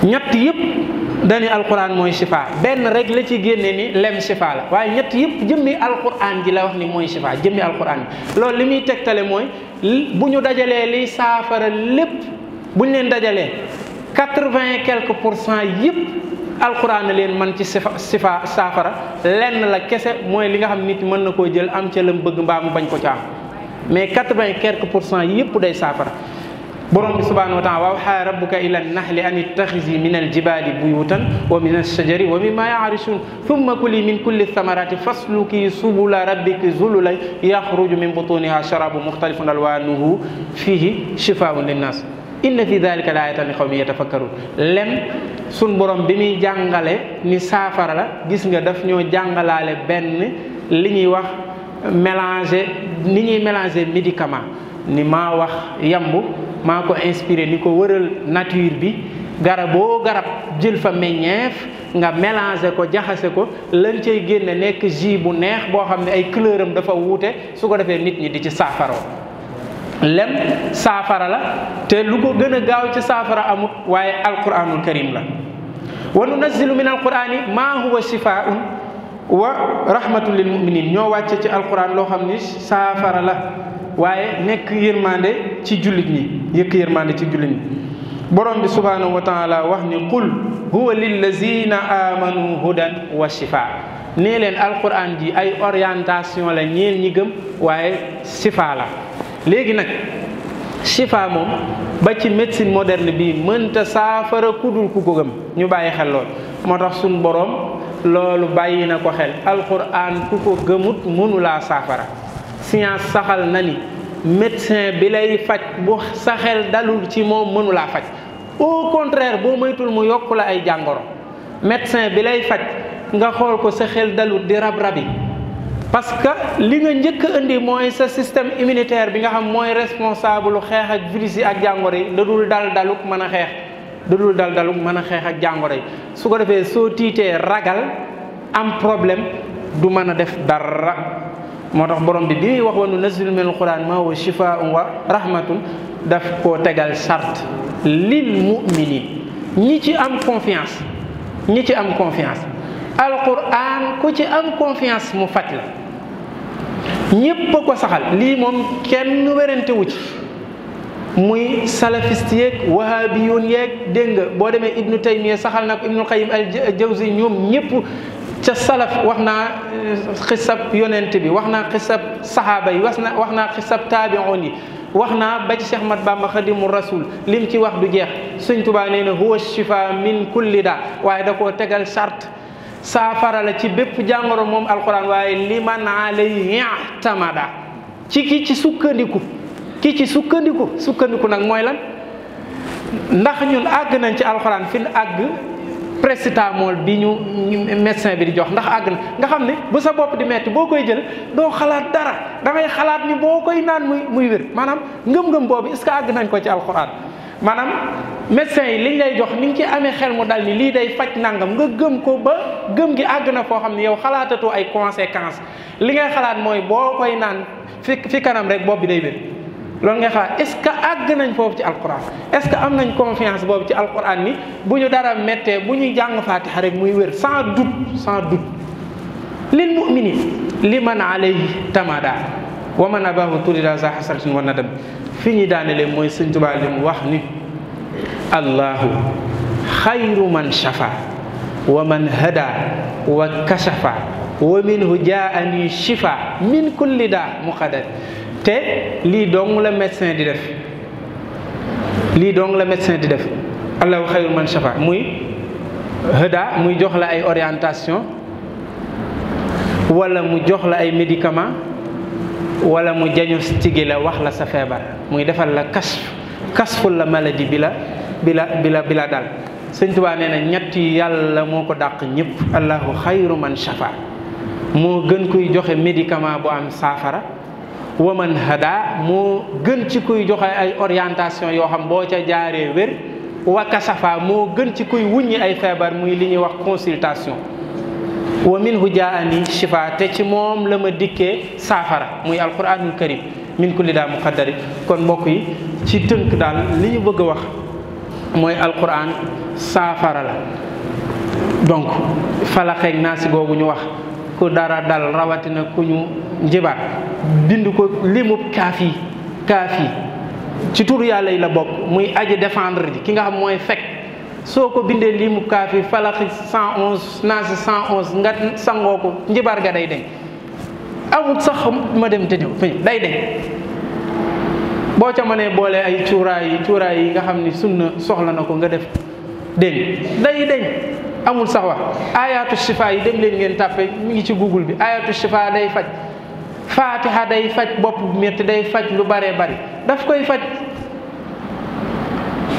ñett yépp dani alquran mooy shifa benn rek la ci génne ni lem shifa la waaye ñett yëpp jëmmi alquran ji la wax ni mooy shifa jëmmi alquran ji loolu li muy tegtale mooy bu ñu dajalee liy saafara lépp bu ñu leen dajalee quatre-vingt quelque pour cent yëpp alquran leen man ci sifa sifa saafara lenn la kese mooy li nga xam nit mën na koo jël am ca lam bëgg mbaa mu bañ ko ca am mais quatre-vingt et quelque pour cent yëpp day saafara borom bi subhanahu wa taala wa awxaa rabbuka ila nahli an ittaxisi min aljibaali buyutan wa min alshajari wa mimma yaarishun thumma kuli min kulli thamarati fasluki subula rabbiki zululay yaxruju min butuniha sharabu muxtalifun alwanuhu fihi shifaun linnas inna fi dalika la ayatan li xawmi yatafakkarun lem sun borom bi muy jàngale ni saafara gis nga daf ñoo jàngalaale benn li ñuy wax mélanger ni ñuy mélanger médicament ni maa wax yamb maa ko inspiré ni ko wëral nature bi garaboo garab jël fa meññeef nga mélangé ko jaxase ko lan cay génn nekk jus bu neex boo xam ne ay couleur dafa wuute su ko defee nit ñi di ci saafaroo lem saafara la te lu ko gën a gaaw ci saafara amut waaye alquranul karim la wa nunazilu min alqurani maa huwa shifaun wa rahmatul lil muminin ñoo wàcce ci alquran loo xam ni saafara la waaye nekk yërmande ci jullit ñi yëkk yërmande ci jullit ñi borom bi subhaanahu wa wax ni qul huwa lillazina amanu hudan wa shifa nee leen alquran ji ay orientation la ñeen ñi gëm waaye shifa la léegi nag shifa moom ba ci médecine moderne bi mënta saafara kudul ku ko gëm ñu bàyyi xel lool moo tax suñ boroom loolu bàyyi na ko xel alquran ku ko gëmut mënulaa saafara science saxal na ni médecin bi lay faj bu sa xel dalul ci moom mënu faj au contraire boo moytul mu yokk la ay jàngoro médecin bi lay faj nga xool ko sa xel dalul di rab rabi parce que li nga njëkk a indi mooy sa système immunitaire bi nga xam mooy responsable lu xeex ak virus yi ak jàngoro yi da dal daluk mën a xeex da dul dal daluk mën a xeex ak jàngoro yi su ko defee soo tiitee ragal am problème du mën a def dara moo tax borom bi bi muy wax wa nunazzilu min alquran ma huwa shifaa'un wa rahmatun daf koo tegal charte lil muminin ñi ci am confiance ñi ci am confiance alquran ku ci am confiance mu faj la ñépp ko saxal lii moom kenn werante wu ci muy salafiste yeeg wahabiyun yeeg dégg nga boo demee ibnu taymiya saxal na ko ibnu qayyim al jawzi ñoom ñëpp ca salaf wax naa euh, xisab yonent bi wax naa xisab saxaaba yi wax na wax naa xisab taabi'un yi wax naa ba ci Cheikh Mat Bamba Xadimu Rasul lim ci wax du jeex Sëñ Tuubaa nee na huwa shifa min kulli daa waaye da koo tegal charte saafara la ci bépp jàngoro moom alxuraan waaye liman alayhi tamada ci ki ci sukkandiku ki ci sukkandiku sukkandiku nag mooy lan ndax ñun àgg nañ ci alquran fi àgg prestamol bi ñu médecin bi di jox ndax àgg na nga xam ne bu sa bopp di metti boo koy jël doo xalaat dara da xalaat ni boo koy naan muy muy wér maanaam ngëm-ngëm boobu est-ce àgg nañ ko ci alxuraan maanaam médecin yi liñ lay jox ni nga ci amee xel mu dal ni lii day faj nangam nga gëm ko ba gëm gi àgg na foo xam ne yow xalaatatoo ay conséquences li ngay xalaat mooy boo koy naan fi fi kanam rek bopp bi day wér loolu ngay xalaat est-ce que àgg nañ foofu ci alquran est-ce que am nañ confiance boobu ci alquran ni bu ñu dara méttee bu ñuy jàng fatiha rek muy wér sans doute sans doute lil muminin li man alayhi tamada wa man abahu tulida sa fi ñuy daanelee mooy sëñ Tuubaa mu wax ni allahu xayru man shafa wa man hada wa kashafa wa minhu jaani shifa min kulli daa muqadar te lii dong la médecin di def lii dong la médecin di def allahu xayru man shafa muy hëda muy jox la ay orientation wala mu jox la ay médicament wala mu diagnostiqué la wax la sa feebar muy defal la kas kasful la maladie bi la bi la bi la dal sëñ Tuubaa nee na ñett yi yàlla moo ko dàq ñëpp allahu xayru man shafa moo gën kuy joxe médicament bu am saafara waman hada moo gën ci kuy joxe ay orientation yoo xam boo ca jaaree wér wa kasafa moo gën ci kuy wuññi ay feebar muy li ñuy wax consultation wa minhu jaani shifa te ci moom la ma dikkee saafara muy alquranul karim min kulli daa muqaddari kon mbokk yi ci tënk daal li ñu bëgg a wax mooy alquran saafara la donc falaxeeg naa si googu ñu wax ku dara dal rawatina ku ñu njibar bind ko limub kaafi kaafi ci tur yàlla yi la bokk muy aji défendre ji ki nga xam mooy fekk soo ko bindee limub kaafi falaxi cent onze naasi cent onze nga sangoo ko njibar ga day deñ amul sax ma dem te ñëw day deñ boo ca mënee boole ay cuuraay yi cuuraay yi nga xam ni sunna soxla na ko nga def dégg day deñ amul sax wax ayatu shifa yi dem leen ngeen tàppe mu ngi ci google bi ayatu shifa day faj faatiha day faj bopp bu metti day faj lu baree bari daf koy faj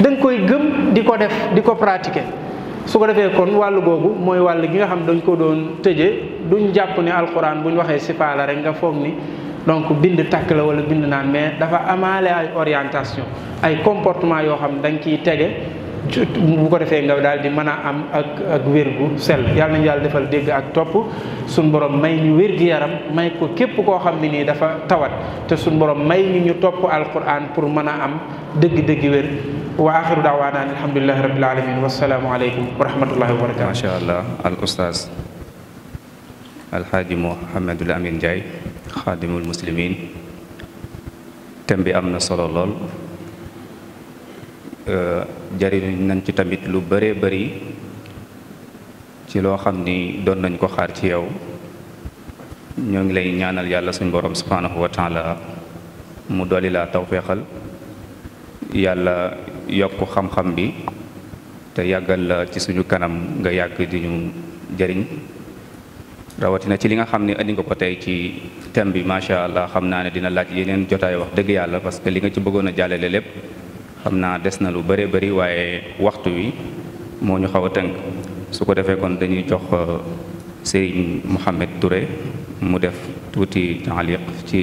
da koy gëm di ko def di ko pratiquer su ko defee kon wàll googu mooy wàll gi nga xam dañ ko doon tëjee duñ jàpp ne alxuraan bu ñu waxee sifa la rek nga foog ni donc bind takk la wala bind naan mais dafa amaale ay orientation ay comportement yoo xam dañ ciy tege bu ko defee ngaw daal di mën a am ak ak wér gu sell yàlla nañu yàlla defal dégg ak topp suñ borom may ñu wér gi yaram may ko képp koo xam ne nii dafa tawat te suñ borom may ñu ñu topp alquran pour mën a am dëgg-dëgg wér wa axiru daawaana an alhamdulilahi rabil alamin wasalaamu aleykum wa rahmatullahi wa barakatu macha allah al oustaz alhaaji Mouhamadul Amin Ndiaye xaadimul muslimin thème bi am na solo lool Euh, jariñu nañ ci tamit lu bëree bëri ci loo xam ni doon nañ ko xaar ci yow ñoo ngi lay ñaanal yàlla suñ borom subhanahu wa taala mu dolli laa tawféexal yàlla yokk xam-xam bi te yàggal la ci suñu kanam nga yàgg di ñu jëriñ rawatina ci li nga xam ni andi nga ko tey ci thème bi macha allah xam naa ne dina laaj yeneen jotaay wax dëgg yàlla parce que li nga ci bëggoon a jàllale lépp am naa des na lu bare bari waaye waxtu wi moo ñu xaw a tënk su ko defee kon dañuy jox euh, Serigne Mohamed Touré mu def tuuti taaliq ci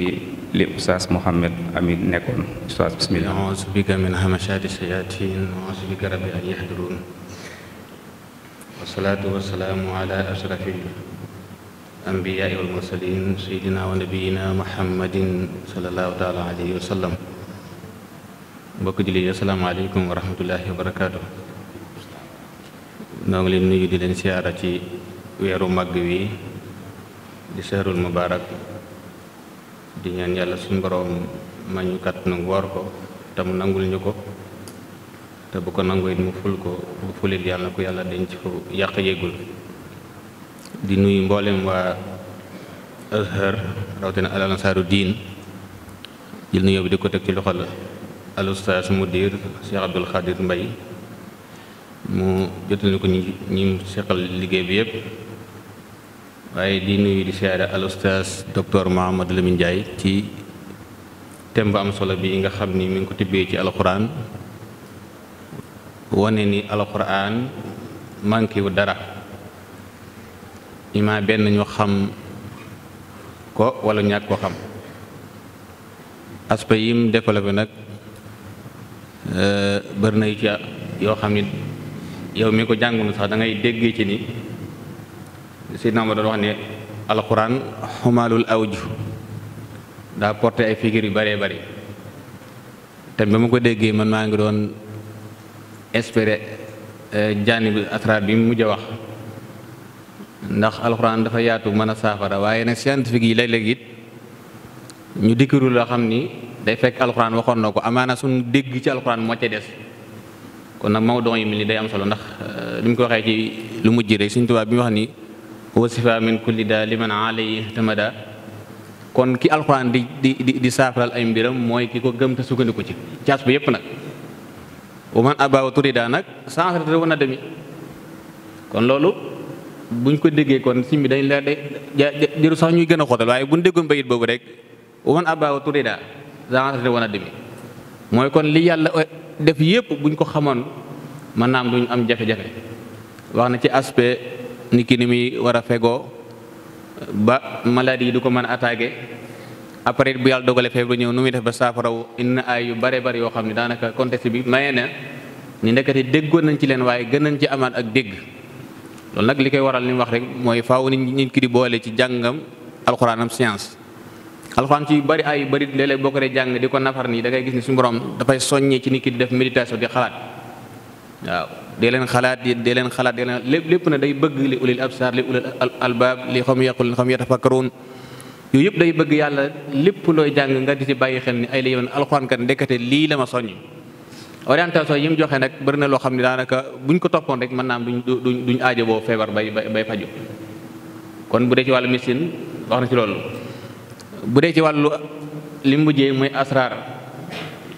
li Oustaz Mohamed Amin nekkoon Oustaz bismillah auzu bika min hamashati shayatin wa auzu bika rabbi an yahdurun wasalaatu wasalaamu ala ashrafil wa nabiyina muhammadin sallallahu taala alayhi wa mbokk jullit yi asalaamaaleykum wa rahmatullahi wa barakaatu noo ngi leen nuyu di leen siyaara ci weeru màgg wi di seerul mubaarak di ñaan yàlla suñu boroom ma ñu kàtt nu woor ko te mu nangul ñu ko te bu ko nangu it mu ful ko bu fulit yàlla ko yàlla denc fu yàq yéegul di nuyu mboolem waa Azhar rawatina Al Ansaaru diin jël nuyoo bi di ko teg ci loxo la al ustaas mudir Cheikh Abdul Xadir Mbay mu jotal ni ko ñi ñi seqal liggéey bi yépp waaye di nuyu di siyaare al ustaas docteur Mahamad ci thème bu am solo bi nga xam ni mi ngi ko tibbee ci alxuraan wone ni alxuraan manqué wu dara ima benn ñu xam ko wala ñàkk ko xam aspect yim développé nag Euh, bëri na ci yoo xam ni yow mi ko jàngul sax dangay ngay déggee ci ni Seydina Omar doon wax ne alquran xumaalul awju daa porté ay fikir yu baree bari te ba mu ko déggee man maa ngi doon espérer euh, jaani bi asraar bi mu mujj a wax ndax alxuraan dafa yaatu mën a saafara waaye nag scientifique yi léeg-léeg it ñu dikkiru la xam ni day fekk alxuraan waxoon na ko amaana suñu dégg ci alxuraan moo ca des kon nag mao doon yi mel ni day am solo ndax li eh, ko waxee ci lu mujj rek suñ tubaab bi mu wax ni wasifa min kulli daa liman alayhi tamada kon ki alxuraan di di saafaral ay mbiram mooy ki ko gëm te sukkandiku ci caas bu yépp nag wa man abaawa turida nag sansrete wan a demi kon loolu buñ ko déggee kon siñ bi dañ day jëru sax ñuy gën a waaye buñ déggoon bayit boobu rek wa rentré a bi mooy kon li yàlla euh, def yépp buñ ko xamoon mën naam am duñ am jafe-jafe wax na ci aspect ni ki ni muy war a fegoo ba maladie yi du ko mën a attaqué après bu yàlla dogalee feebar ñëw nu muy def ba saafaraw indi na ay yu bare bari yoo xam ne daanaka contexte bi maye na ñu nekkati déggoon nañ ci leen waaye gën nañ ci amaat ak dégg loolu nag li koy waral li wax rek mooy faaw nit nit ki di boole ci njàngam alxuraanam science alxuraan ci bari ay bari léeg-léeg boo ko dee jàng di ko nafar nii da ngay gis ni suñu borom dafay soññee ci nit ki di def méditation di xalaat waaw dee leen xalaat di dee leen xalaat dee leen lépp lépp na day bëgg li ulil absar li ulil albaab li xam yaqul xam yatafakkaruun yooyu yëpp day bëgg yàlla lépp looy jàng nga di si bàyyi xel ni ay la yoon alxuraan kat ndekete lii la ma soññ orientation yi joxe nag bëri na loo xam ne daanaka buñ ko toppoon rek mën naa am duñ duñ aajo boo feebar bay bay faju kon bu dee ci wàllu médecine ci loolu bu dee ci wàllu li mujjee mooy asraar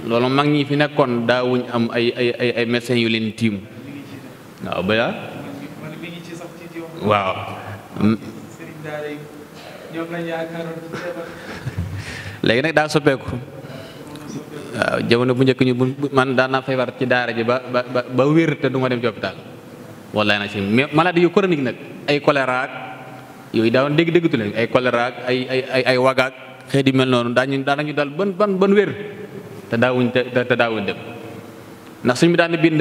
loolu mag ñi fi nekkoon daawuñ am ay ay ay médecins yu leen tiimu waaw ba yaa waaw léegi nag daa soppeeku waaw jamono bu njëkk ñu bu man daan naa feebar ci daara ji ba ba ba wér te du ma dem ci hôpital wallaay na ci mais maladie yu chronique nag ay choléra yooyu daawoon dégg déggatu leen ay choléra ak ay ay ay ay wagaak xeet mel noonu daa daanañu daal ban ban ban wér te wuñ te daawuñ dem ndax suñ mu daan bind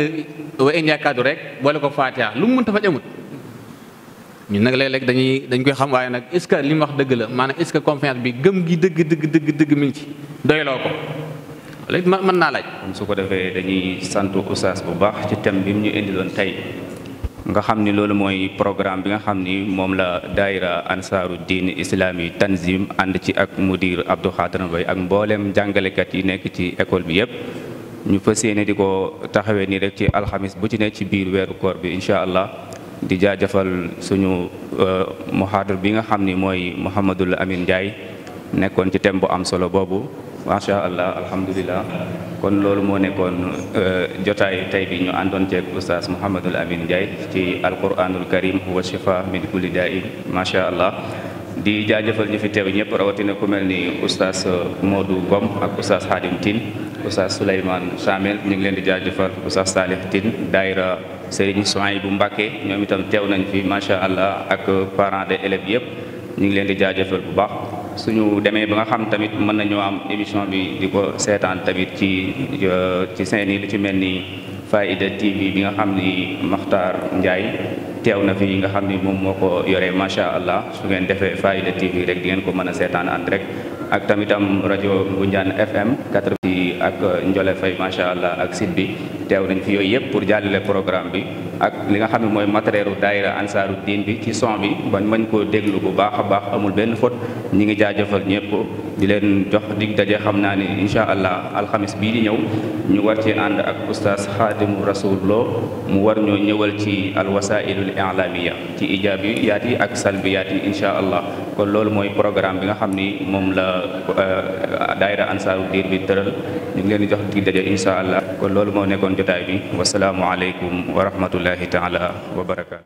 wa in rek boole ko faatiha lu mu mën fa faj amut ñun nag léeg-léeg dañuy dañ koy xam waaye nag est-ce que li mu wax dëgg la maanaam est-ce que confiance bi gëm gi dëgg dëgg dëgg dëgg mi ngi ci doyloo ko léegi mën naa laaj. kon su ko defee dañuy sant oustaz bu baax ci thème bi mu ñu indiloon tey. nga xam ni loolu mooy programme bi nga xam ni moom la daayira ansaaru diin islami tanzim ànd ci ak mudir Abdou Khader Mbaye ak mboolem jàngalekat yi nekk ci école bi yëpp ñu fas yéene di ko taxawe nii rek ci alxamis bu ci ne ci biir weeru koor bi incha allah di jaajëfal suñu euh, muhadar bi nga xam ni mooy Mouhamadul Amin Ndiaye nekkoon ci thème am solo boobu. macha allah alhamdulilah kon loolu moo nekkoon euh, jotaayu tey bi ñu àndoon ceeg oustaz Mouhamadul Amin Ndiaye ci alquranul karim wa shifa min kulli daa'in macha allah di jaajëfal ñu fi teew ñëpp rawatina ku mel ni oustaz Modou Ngom ak oustaz Khadim Tine oustaz Souleymane Chamel ñu ngi leen di jaajëfal oustaz Salih Tine daayira Serigne Soin bu Mbàkke ñoom itam teew nañ fi macha allah ak parent des élèves yëpp ñu ngi leen di jaajëfal bu baax suñu demee ba nga xam tamit mën nañoo am émission bi di ko seetaan tamit ci euh, ci seen i lu ci mel ni Faaida TV bi nga xam ni Makhtar njaay teew na fi nga xam ni moom moo ko yoree macha allah su ngeen defee Faaida TV rek di ngeen ko mën a seetaan en direct ak tamitam rajo Ngoundiane FM 80 ak njole fay macha allah ak site bi teew nañ fi yooyu yëpp pour jàllale programme bi ak li nga xam ne mooy matérielu daayira ansaaru diin bi ci son bi bañ mañ koo déglu bu baax a baax amul benn faute ñi ngi jaajëfal ñëpp di leen jox dig daje xam naa ne incha allah alxamis bii di ñëw ñu war ci ànd ak oustaz xaadimu rasul loo mu war ñoo ñëwal ci alwasailul ilaamiya ci ijaabiyaat yi ak salbiyaat yi incha allah kon loolu mooy programme bi nga xam ni moom la euh, daayira ansaaru diir bi tëral ñu leen di jox dig daje incha allah kon loolu moo nekkoon jotaay bi wasalaamu aleykum wa rahmatullahi taala wa barakaatu